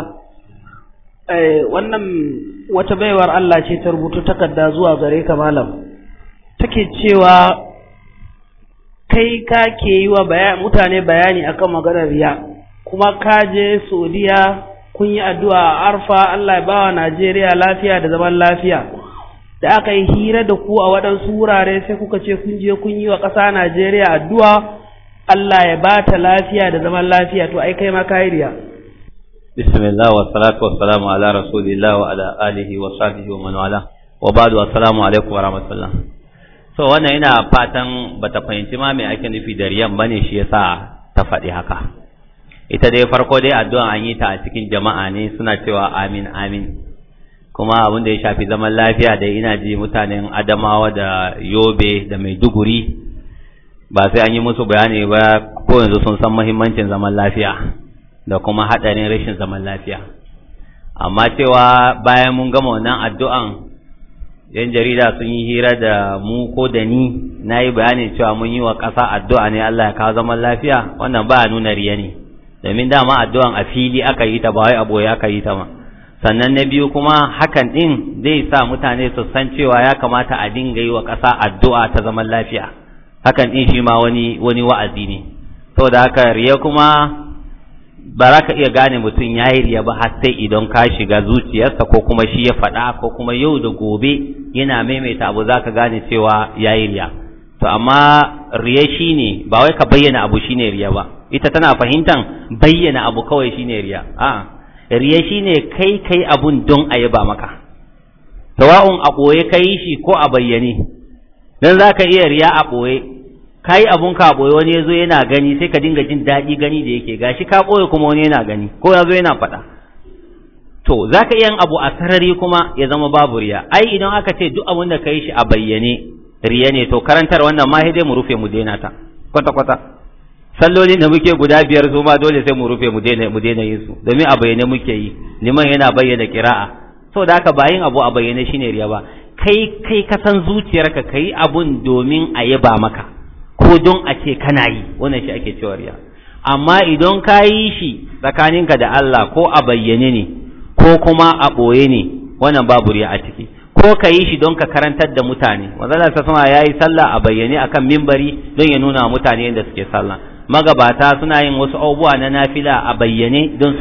Eh, wannan wata baiwar Allah ce ta rubuta takarda zuwa gare ka malam take cewa kai ka ke yi wa mutane bayani akan maganar riya kuma ka je Saudiya kun yi addu'a a arfa Allah ya bawa Najeriya lafiya da zaman lafiya da aka yi hira da ku a waɗansu wurare sai kuka ce kun je kun yi wa ƙasa Najeriya addu'a Allah ya ba ta lafiya da zaman lafiya to ai kai ma ka yi riya بسم الله والصلاة والسلام على رسول الله وعلى آله وصحبه ومن والاه وبعد السلام عليكم ورحمة الله so wannan ina fatan bata fahimci ma me ake nufi da riyan bane shi yasa ta faɗi haka ita dai farko dai addu'a an yi ta a cikin jama'a ne suna cewa amin amin kuma abin da ya shafi zaman lafiya da ina ji mutanen Adamawa da Yobe da Maiduguri ba sai an yi musu bayani ba ko yanzu sun san muhimmancin zaman lafiya da kuma haɗarin rashin zaman lafiya amma cewa bayan mun gama wannan addu'an yan jarida sun yi hira da mu ko da ni na yi bayanin cewa mun yi wa ƙasa addu'a ne Allah ya kawo zaman lafiya wannan ba a nuna riya ne domin dama addu'an a fili aka yi ta ba wai a boye aka yi ta ma sannan na biyu kuma hakan ɗin zai sa mutane su san cewa ya kamata a dinga yi wa ƙasa addu'a ta zaman lafiya hakan ɗin shi ma wani wani wa'azi ne saboda haka riya kuma ba za ka iya gane mutum ya yi riya ba har sai idan ka shiga zuciyarsa ko kuma shi ya faɗa ko kuma yau da gobe yana maimaita abu za ka gane cewa ya yi riya to amma riya shi ne ba wai ka bayyana abu shi ne riya ba ita tana fahimtan bayyana abu kawai shi ne riya a'a riya shi ne kai kai abun don a yaba maka tawa'un a ɓoye ka yi shi ko a bayyane don za ka iya riya a ɓoye kai abun ka boye wani yazo yana gani sai ka dinga jin daɗi gani da yake gashi ka boye kuma wani yana gani ko yazo yana fada to zaka iya abu a sarari kuma ya zama babu riya ai idan aka ce duk abun da kai shi a bayyane riya ne to karantar wannan ma dai mu rufe mu daina ta kwata kwata sallolin da muke guda biyar su ma dole sai mu rufe mu daina mu daina yin su domin a bayyane muke yi liman yana bayyana kira'a da haka bayin abu a bayyane shine riya ba kai kai ka san zuciyarka kai abun domin a yaba maka ko don a ce kana yi wannan shi ake cewa riya amma idan ka yi shi tsakaninka da Allah ko a bayyane ne ko kuma a ɓoye ne wannan babu riya a ciki ko ka yi shi don ka karantar da mutane manzala ta sama ya yi sallah a bayyane a kan mimbari don ya nuna mutane yadda suke sallah magabata suna yin wasu abubuwa na nafila a bayyane don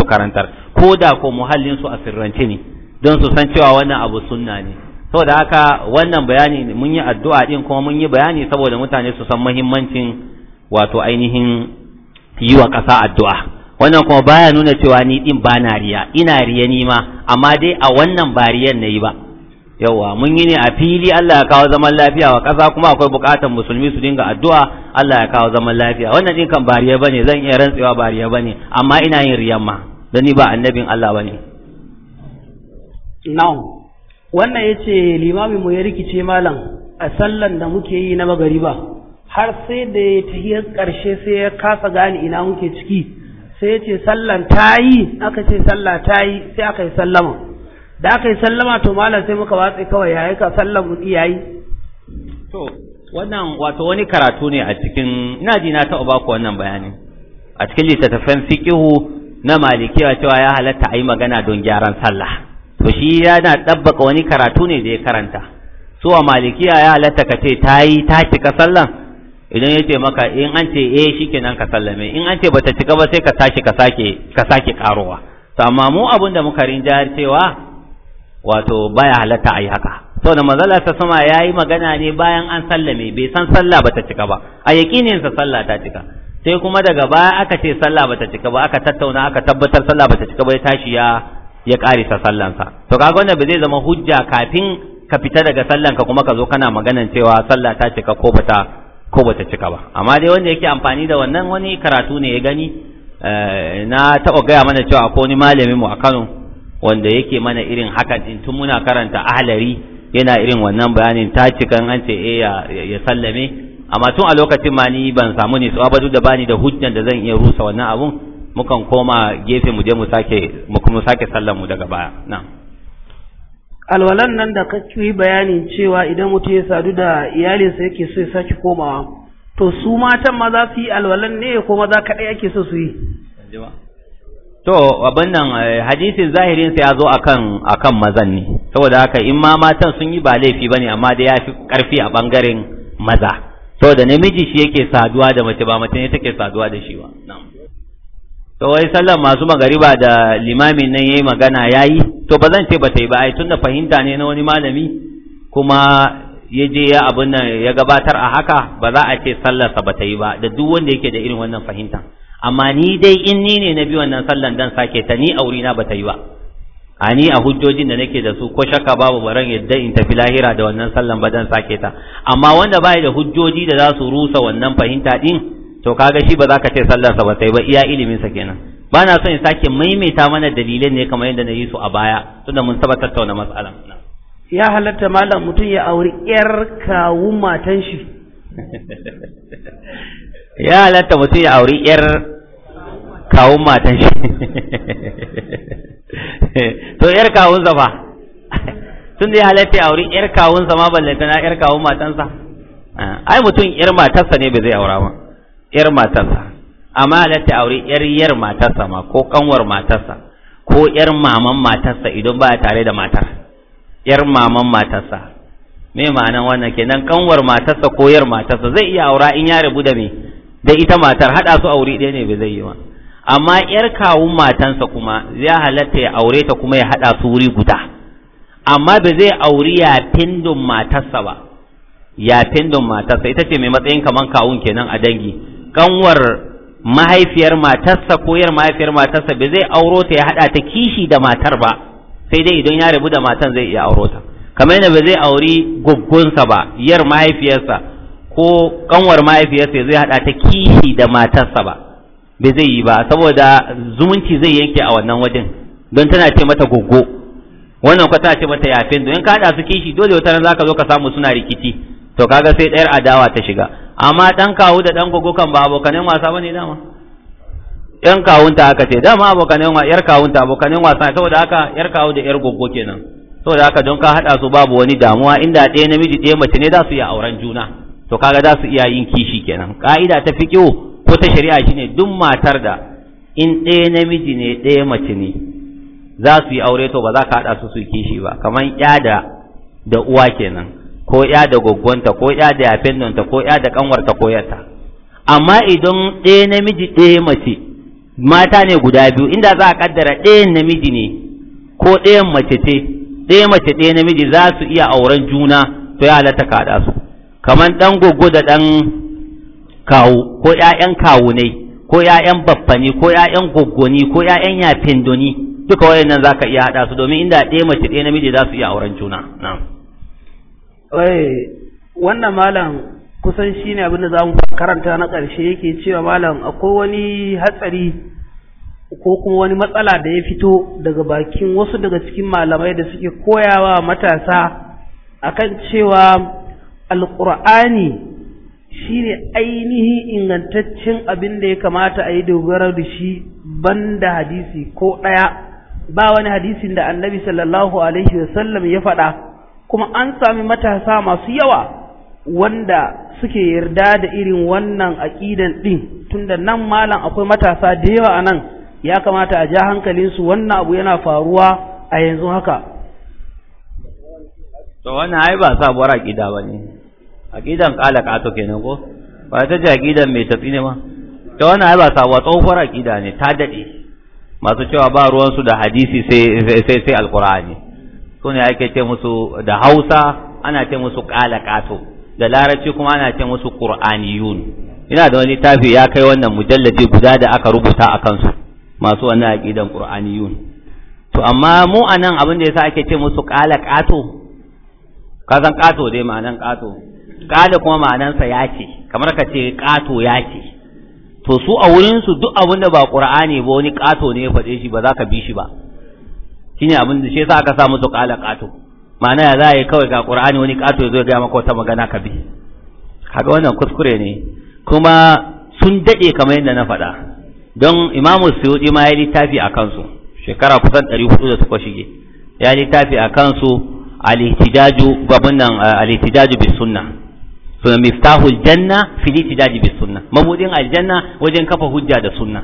su karantar ko da ko muhallin su a sirrance ne don su san cewa wannan abu sunna ne saboda haka wannan bayani mun yi addu'a din kuma mun yi bayani saboda mutane su san muhimmancin wato ainihin yi wa ƙasa addu'a wannan kuma baya nuna cewa ni din ba na riya ina riya ni ma amma dai a wannan bariyan riyan na yi ba yawa mun yi ne a fili Allah ya kawo zaman lafiya wa ƙasa kuma akwai buƙatar musulmi su dinga addu'a Allah ya kawo zaman lafiya wannan din kan bariya bane zan iya rantsewa bariya bane amma ina yin riyan ma don ni ba annabin Allah bane na'am wannan ya ce limamin mu ya rikice malam a sallan da muke yi na magariba har sai da ya tahiyar ƙarshe sai ya kasa gane ina muke ciki sai ya ce sallan ta yi aka ce sallah ta yi sai aka yi sallama da aka yi sallama to malam sai muka watsi kawai yayi ka sallan mu yi to wannan wato wani karatu ne a cikin ina ji na taɓa baku wannan bayani a cikin littattafan fiqihu na malikiya cewa ya halatta a yi magana don gyaran sallah to shi yana ɗabbaka wani karatu ne da ya karanta su a malikiya ya halatta ka ce ta yi ta cika sallan idan ya ce maka in an ce eh kenan ka sallame in an ce bata cika ba sai ka tashi ka sake ka sake karowa to amma mu abin da muka rinja cewa wato baya halatta a yi haka da manzala ta sama ya yi magana ne bayan an sallame bai san sallah bata cika ba a yaƙinin sa sallah ta cika sai kuma daga baya aka ce sallah bata cika ba aka tattauna aka tabbatar sallah bata cika ba ya tashi ya ya karisa sallansa to kaga wannan ba zai zama hujja kafin ka fita daga sallanka kuma ka zo kana maganan cewa sallah ta cika ko bata ko bata cika ba amma dai wanda yake amfani da wannan wani karatu ne ya gani eh, na taɓa gaya mana cewa akwai wani malamin mu a Kano wanda yake mana irin haka din tun muna karanta ahlari yana irin wannan bayanin ta cikan an ce eh ya sallame amma tun a lokacin ma ni ban samu tsawa ba duk da bani da hujjan da zan iya rusa wannan abun mukan koma gefe mu je mu sake mu kuma sake sallar mu daga baya na'am alwalan nan da ka yi bayanin cewa idan mutum ya sadu da iyalinsa yake so ya sake komawa to su matan ma za su yi alwalan ne ko maza kaɗai ake so su yi to abin nan eh, hadisin zahirin sa ya zo akan akan mazan ne saboda haka in ma matan sun yi ba laifi bane amma dai ya fi karfi a bangaren maza saboda namiji shi yake saduwa da mace ba mace ne take saduwa da shi ba na'am to wai sallar masu magariba da limamin nan yayi magana yayi to bazan ce ba ta ba ai tunda fahimta ne na wani malami kuma yaje je ya abin nan ya gabatar a haka ba za a ce sallarsa ba ta ba da duk wanda yake da irin wannan fahimta amma ni dai in ni ne na bi wannan sallan dan sake ta ni na ba ta ba a a hujjojin da nake da su ko shakka babu baran yadda in tafi lahira da wannan sallan ba dan sake ta amma wanda bai da hujjoji da za su rusa wannan fahimta din to kaga shi ba za ka ce sallarsa ba sai ba iya ilimin sa kenan ba na son in sake maimaita mana dalilan ne kamar yadda na yi su a baya tunda mun saba tattauna matsalan ya halatta malam mutum ya auri yar kawu matan shi ya halatta mutum ya auri yar kawun matan shi to yar kawunsa fa tun da ya halatta ya auri yar kawunsa ma na yar kawun matansa ah, ai mutum yar matarsa ne bai zai aura ba yar matarsa amma halatta aure yar yar matarsa ma ko kanwar matarsa ko yar maman matarsa idan ba tare da matar yar maman matarsa me ma'anan wannan kenan kanwar matarsa ko yar matarsa zai iya aura in ya rabu da me da ita matar hada su aure ɗaya ne bai zai yi ba amma yar kawun matansa kuma ya halatta ya aure ta kuma ya hada su wuri guda amma ba zai aure ya don matarsa ba ya don matarsa ita ce mai matsayin kaman kawun kenan a dangi kanwar mahaifiyar matarsa ko yar mahaifiyar matarsa ba zai auro ta ya hada ta kishi da matar ba sai dai idan ya rabu da matan zai iya auro ta kamar yadda ba zai auri goggonsa ba yar mahaifiyarsa ko kanwar mahaifiyarsa zai hada ta kishi da matarsa ba bai zai yi ba saboda zumunci zai yanke a wannan wajen don tana ce mata goggo wannan kwa tana ce mata yafin don ka hada su kishi dole wata ran zaka zo ka samu suna rikici to kaga sai ɗayar adawa ta shiga amma ɗan kawu da ɗan gogo kan ba abokanen wasa ba ne dama ɗan kawunta aka ce dama abokanen wa yar kawunta abokanen wasa saboda haka yar kawu da yar gogo kenan saboda haka don ka haɗa su babu wani damuwa inda ɗaya namiji ɗaya mace ne za su yi auren juna to kaga za su iya yin kishi kenan ka'ida ta kyau ko ta shari'a shine duk matar da in ɗaya namiji ne ɗaya mace ne za su yi aure to ba za ka haɗa su su kishi ba kamar ƴa da da uwa kenan ko ya da gwaggwanta ko ya da yafin ko ya da kanwarta ko amma idan ɗaya namiji ɗaya mace mata ne guda biyu inda za a kaddara ɗaya namiji ne ko ɗayan mace ce ɗaya mace ɗaya namiji za su iya auren juna to ya halatta kaɗa su kamar ɗan goggo da ɗan kawu ko ƴaƴan kawunai ko ƴaƴan baffani ko ƴaƴan goggoni ko ‘ya'yan yafindoni duka wayannan zaka ka iya haɗa su domin inda ɗaya mace ɗaya namiji za su iya auren juna na'am wannan malam kusan shi ne abin da mu karanta na ƙarshe yake cewa malam akwai wani hatsari ko kuma wani matsala da ya fito daga bakin wasu daga cikin malamai da suke koyawa matasa akan cewa alƙur'ani ne ainihi ingantaccen abin da ya kamata a yi dogara da shi ban da hadisi ko ɗaya ba wani hadisin da annabi sallallahu alaihi wasallam ya faɗa kuma an sami matasa masu yawa wanda suke yarda da irin wannan aƙidan ɗin tunda nan malam akwai matasa da yawa a nan ya kamata a ja hankalinsu wannan abu yana faruwa a yanzu haka to wannan ai ba sabuwar aƙida ba ne aƙidan ƙala ƙato kenan ko ba ta ji aƙidan mai tafi ne ma To wannan ai ba sabuwa tsohuwar aƙida ne ta daɗe masu cewa ba ruwansu da hadisi sai sai alƙur'ani su ne ake ce musu da hausa ana ce musu ƙato da larabci kuma ana ce musu ƙur'aniyun ina da wani tafi ya kai wannan mujalladi guda da aka rubuta a kansu masu wannan aƙidan ƙur'aniyun to amma mu a nan abin da ya sa ake ce musu ƙato ka san ƙato dai ma'anan ƙato ƙala kuma ma'anansa ya ce kamar ka ce ƙato ya ce to su a wurinsu duk abin da ba ƙur'ani ba wani ƙato ne ya faɗe shi ba za ka bi shi ba shine abin da shi yasa aka sa musu qala qatu ma'ana ya za yi kawai ga qur'ani wani qatu ya zo ga maka wata magana ka bi kaga wannan kuskure ne kuma sun dade kamar yadda na faɗa don imam suyuti ma ya littafi a kansu shekara kusan 400 da suka shige ya yi littafi a kansu al-ihtijaju Suna al-ihtijaju bis sunnah sunan miftahul janna al ihtijaj bis sunnah mabudin aljanna wajen kafa hujja da sunna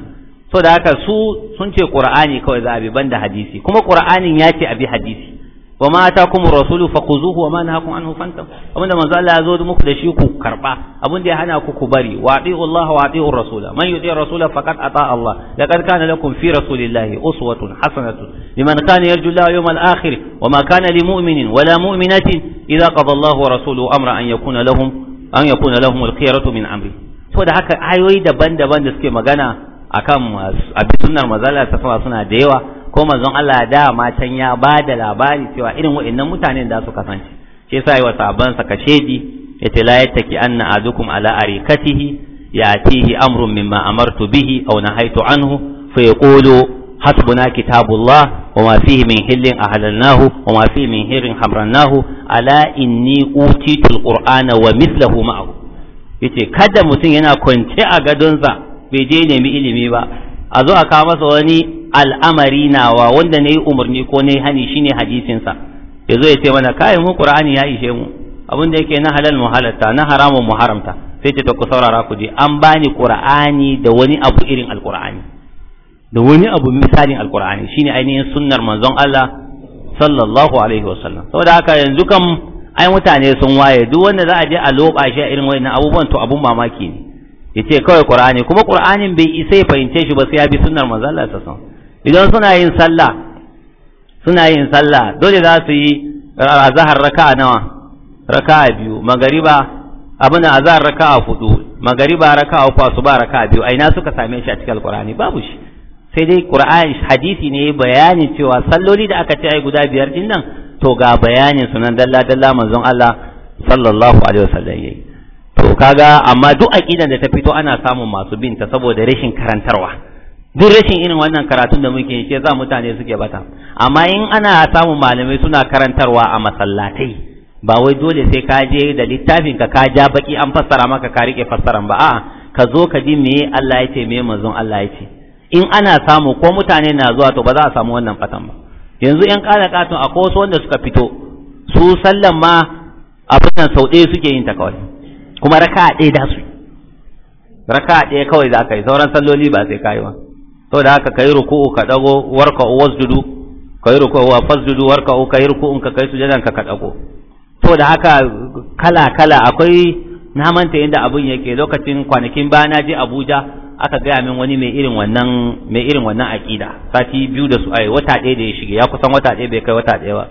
so da haka su sun ce qur'ani kawai za a bi banda hadisi kuma qur'anin ya ce a bi hadisi wa ma atakum rasulu fakhuzuhu wa ma nahakum anhu fantahu da manzo Allah ya zo muku da shi ku karba da ya hana ku ku bari wa ati'u Allah wa ati'u rasula man yuti rasula faqad ata Allah laqad kana lakum fi rasulillahi uswatun hasanatun liman kana yarju Allah yawmal akhir wa ma kana limu'minin wa la mu'minatin idza qada Allah wa rasuluhu amra an yakuna lahum an yakuna lahum al-khiyaratu min amri saboda haka ayoyi daban-daban da suke magana akan abin sunnar mazala ta sama suna da yawa ko mazan Allah da ma can ya ba da labari cewa irin waɗannan mutanen da su kasance shi yasa yi wa sabon sa kashedi yace la yattaki anna azukum ala arikatihi yatihi amrun mimma amartu bihi aw nahaitu anhu fa yaqulu حسبنا كتاب الله وما فيه من حل أهللناه وما فيه من حر حمرناه ألا إني qur'ana wa ومثله معه yace kada mutum yana kwance a gadonsa bai je nemi ilimi ba a zo a kawo masa wani al'amari nawa wanda na yi umarni ko na yi hani shine hadisinsa ya zo ya ce mana kayan mu qur'ani ya ishe mu abin da yake na halal mu na haramun mu haramta sai ce ta ku saurara ku je an bani qur'ani da wani abu irin alqur'ani da wani abu misalin alqur'ani shine ainihin sunnar manzon Allah sallallahu alaihi wasallam saboda haka yanzu kam ai mutane sun waye duk wanda za a je a loba shi a irin wayannan abubuwan to abun mamaki ne yace kawai qur'ani kuma qur'anin bai isa ya fahimce shi ba sai ya bi sunnar manzo Allah ta san idan suna yin sallah suna yin sallah dole za su yi azhar raka'a nawa raka'a biyu magariba abuna azhar raka'a hudu magariba raka'a uku ba raka'a biyu aina suka same shi a cikin qur'ani babu shi sai dai qur'ani hadisi ne bayanin cewa salloli da aka ce ai guda biyar din nan to ga bayanin sunan dalla dalla manzon Allah sallallahu alaihi wasallam yayi to kaga amma duk aqidan da ta fito ana samun masu bin ta saboda rashin karantarwa duk rashin irin wannan karatun da muke yi shi za mutane suke bata amma in ana samun malamai suna karantarwa a masallatai ba wai dole sai ka je da littafin ka ka ja baki an fassara maka ka rike fassaran ba a'a ka zo ka ji meye Allah ya ce meye manzon Allah ya ce in ana samu ko mutane na zuwa to ba za a samu wannan fatan ba yanzu yan kala katon akwai wasu wanda suka fito su sallan ma abin nan sau ɗaya suke yin ta kawai kuma raka ɗaya da su raka ɗaya kawai za ka yi sauran salloli ba sai kayi ba to da haka kai ruku'u ka dago warka wasjudu kai ruku'u wa fasjudu warka kai ruku'u ka kai sujadan ka ka dago to da haka kala kala akwai na manta inda abun yake lokacin kwanakin baya na je Abuja aka gaya min wani mai irin wannan mai irin wannan aqida sati biyu da su ai wata ɗaya da ya shige ya kusan wata ɗaya bai kai wata ɗaya ba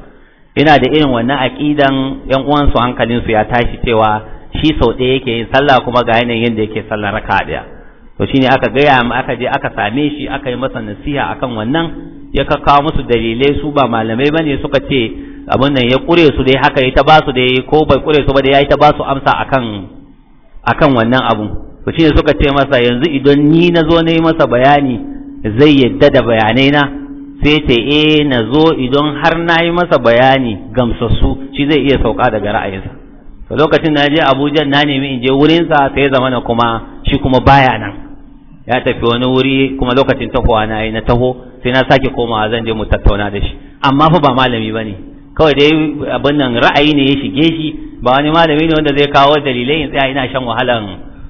ina da irin wannan aqidan yan uwansu hankalin su ya tashi cewa shi sau ɗaya yake yin sallah kuma ga yanayin yadda yake sallah raka ɗaya to shine aka gaya ma aka je aka same shi aka yi masa nasiha akan wannan ya kawo musu dalilai su ba malamai bane suka ce abin nan ya kure su dai haka ya ta ba su dai ko bai kure su ba dai ya ta ba su amsa akan akan wannan abun to shine suka ce masa yanzu idan ni na zo na yi masa bayani zai yadda da bayanai na sai ce eh na zo idan har na yi masa bayani gamsassu shi zai iya sauka daga ra'ayinsa to lokacin na je Abuja na nemi in je wurin sa sai zama na kuma shi kuma baya nan ya tafi wani wuri kuma lokacin tahowa na yi na taho sai na sake komawa zan je mu tattauna da shi amma fa ba malami ba ne kawai dai abin nan ra'ayi ne ya shige shi ba wani malami ne wanda zai kawo dalilai in tsaya ina shan wahalan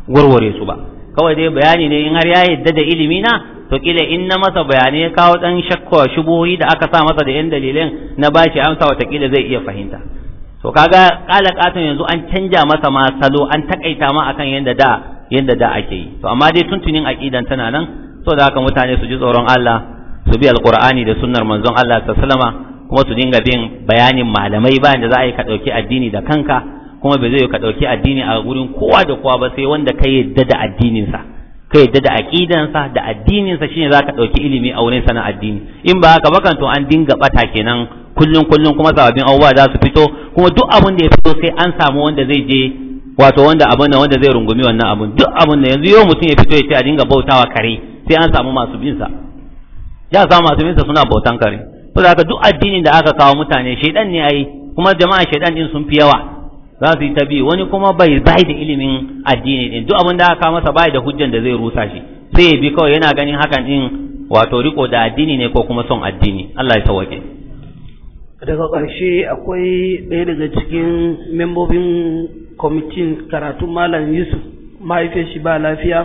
warware su ba kawai dai bayani ne in har ya yadda da ilimi na to kila in na masa bayani ya kawo dan shakka shubuhi da aka sa masa da yan dalilan na bashi amsa wata kila zai iya fahimta to kaga kala katon yanzu an canja masa ma salo an takaita ma akan yanda da yanda da ake yi to amma dai tuntunin aqidan tana nan so da haka mutane su ji tsoron Allah su bi alqur'ani da sunnar manzon Allah sallama kuma su dinga bin bayanin malamai bayan da za a yi ka dauki addini da kanka kuma bai zai ka dauki addini a gurin kowa da kowa ba sai wanda kai yadda da addinin sa ka yadda da sa da addinin sa shine zaka dauki ilimi a wurin sanan addini in ba haka ba to an dinga bata kenan kullun kullun kuma sababbin abubuwa za su fito kuma duk abin da ya fito sai an samu wanda zai je wato wanda abin da wanda zai rungumi wannan abin duk abin da yanzu yau mutum ya fito ya ce a dinga bautawa kare sai an samu masu bin sa ya samu masu bin sa suna bautan kare to haka duk addinin da aka kawo mutane shedan ne ai kuma jama'a shedan din sun fi yawa za su yi ta bi wani kuma bai bai da ilimin addini din duk abin da aka kawo masa bai da hujjan da zai rusa shi sai ya bi kawai yana ganin hakan din wato riko da addini ne ko kuma son addini Allah ya sauke daga ƙarshe akwai ɗaya daga cikin membobin kwamitin karatu malam yusuf mahaifiyar shi ba lafiya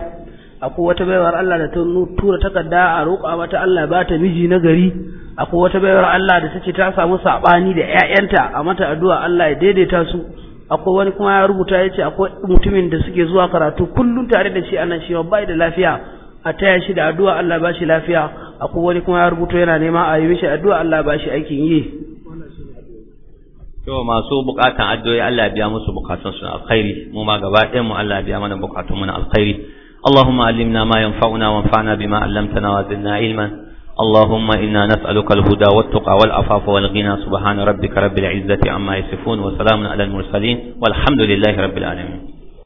akwai wata baiwar allah da ta tura takarda a roƙa mata allah ba ta miji na gari akwai wata baiwar allah da ta ce ta samu saɓani da 'ya'yanta a mata addu'a allah ya daidaita su akwai wani kuma ya rubuta ya ce akwai mutumin da suke zuwa karatu kullum tare da shi a nan shi ba da lafiya a taya shi da addu'a Allah ba shi lafiya akwai wani kuma ya rubuta yana nema a yi mishi addu'a Allah ba shi aikin yi yau masu bukatan addu'o'i Allah biya musu bukatun su alkhairi mu ma gaba ɗayan mu Allah biya mana bukatun mu na alkhairi Allahumma allimna ma yanfa'una wanfa'na bima 'allamtana wa zidna ilman Allahumma inna nas'aluka al-huda wat-tuqa wal-afafa wal gina subhana rabbika rabbil 'izzati amma yasifun wa salamun 'alal mursalin walhamdulillahi rabbil alamin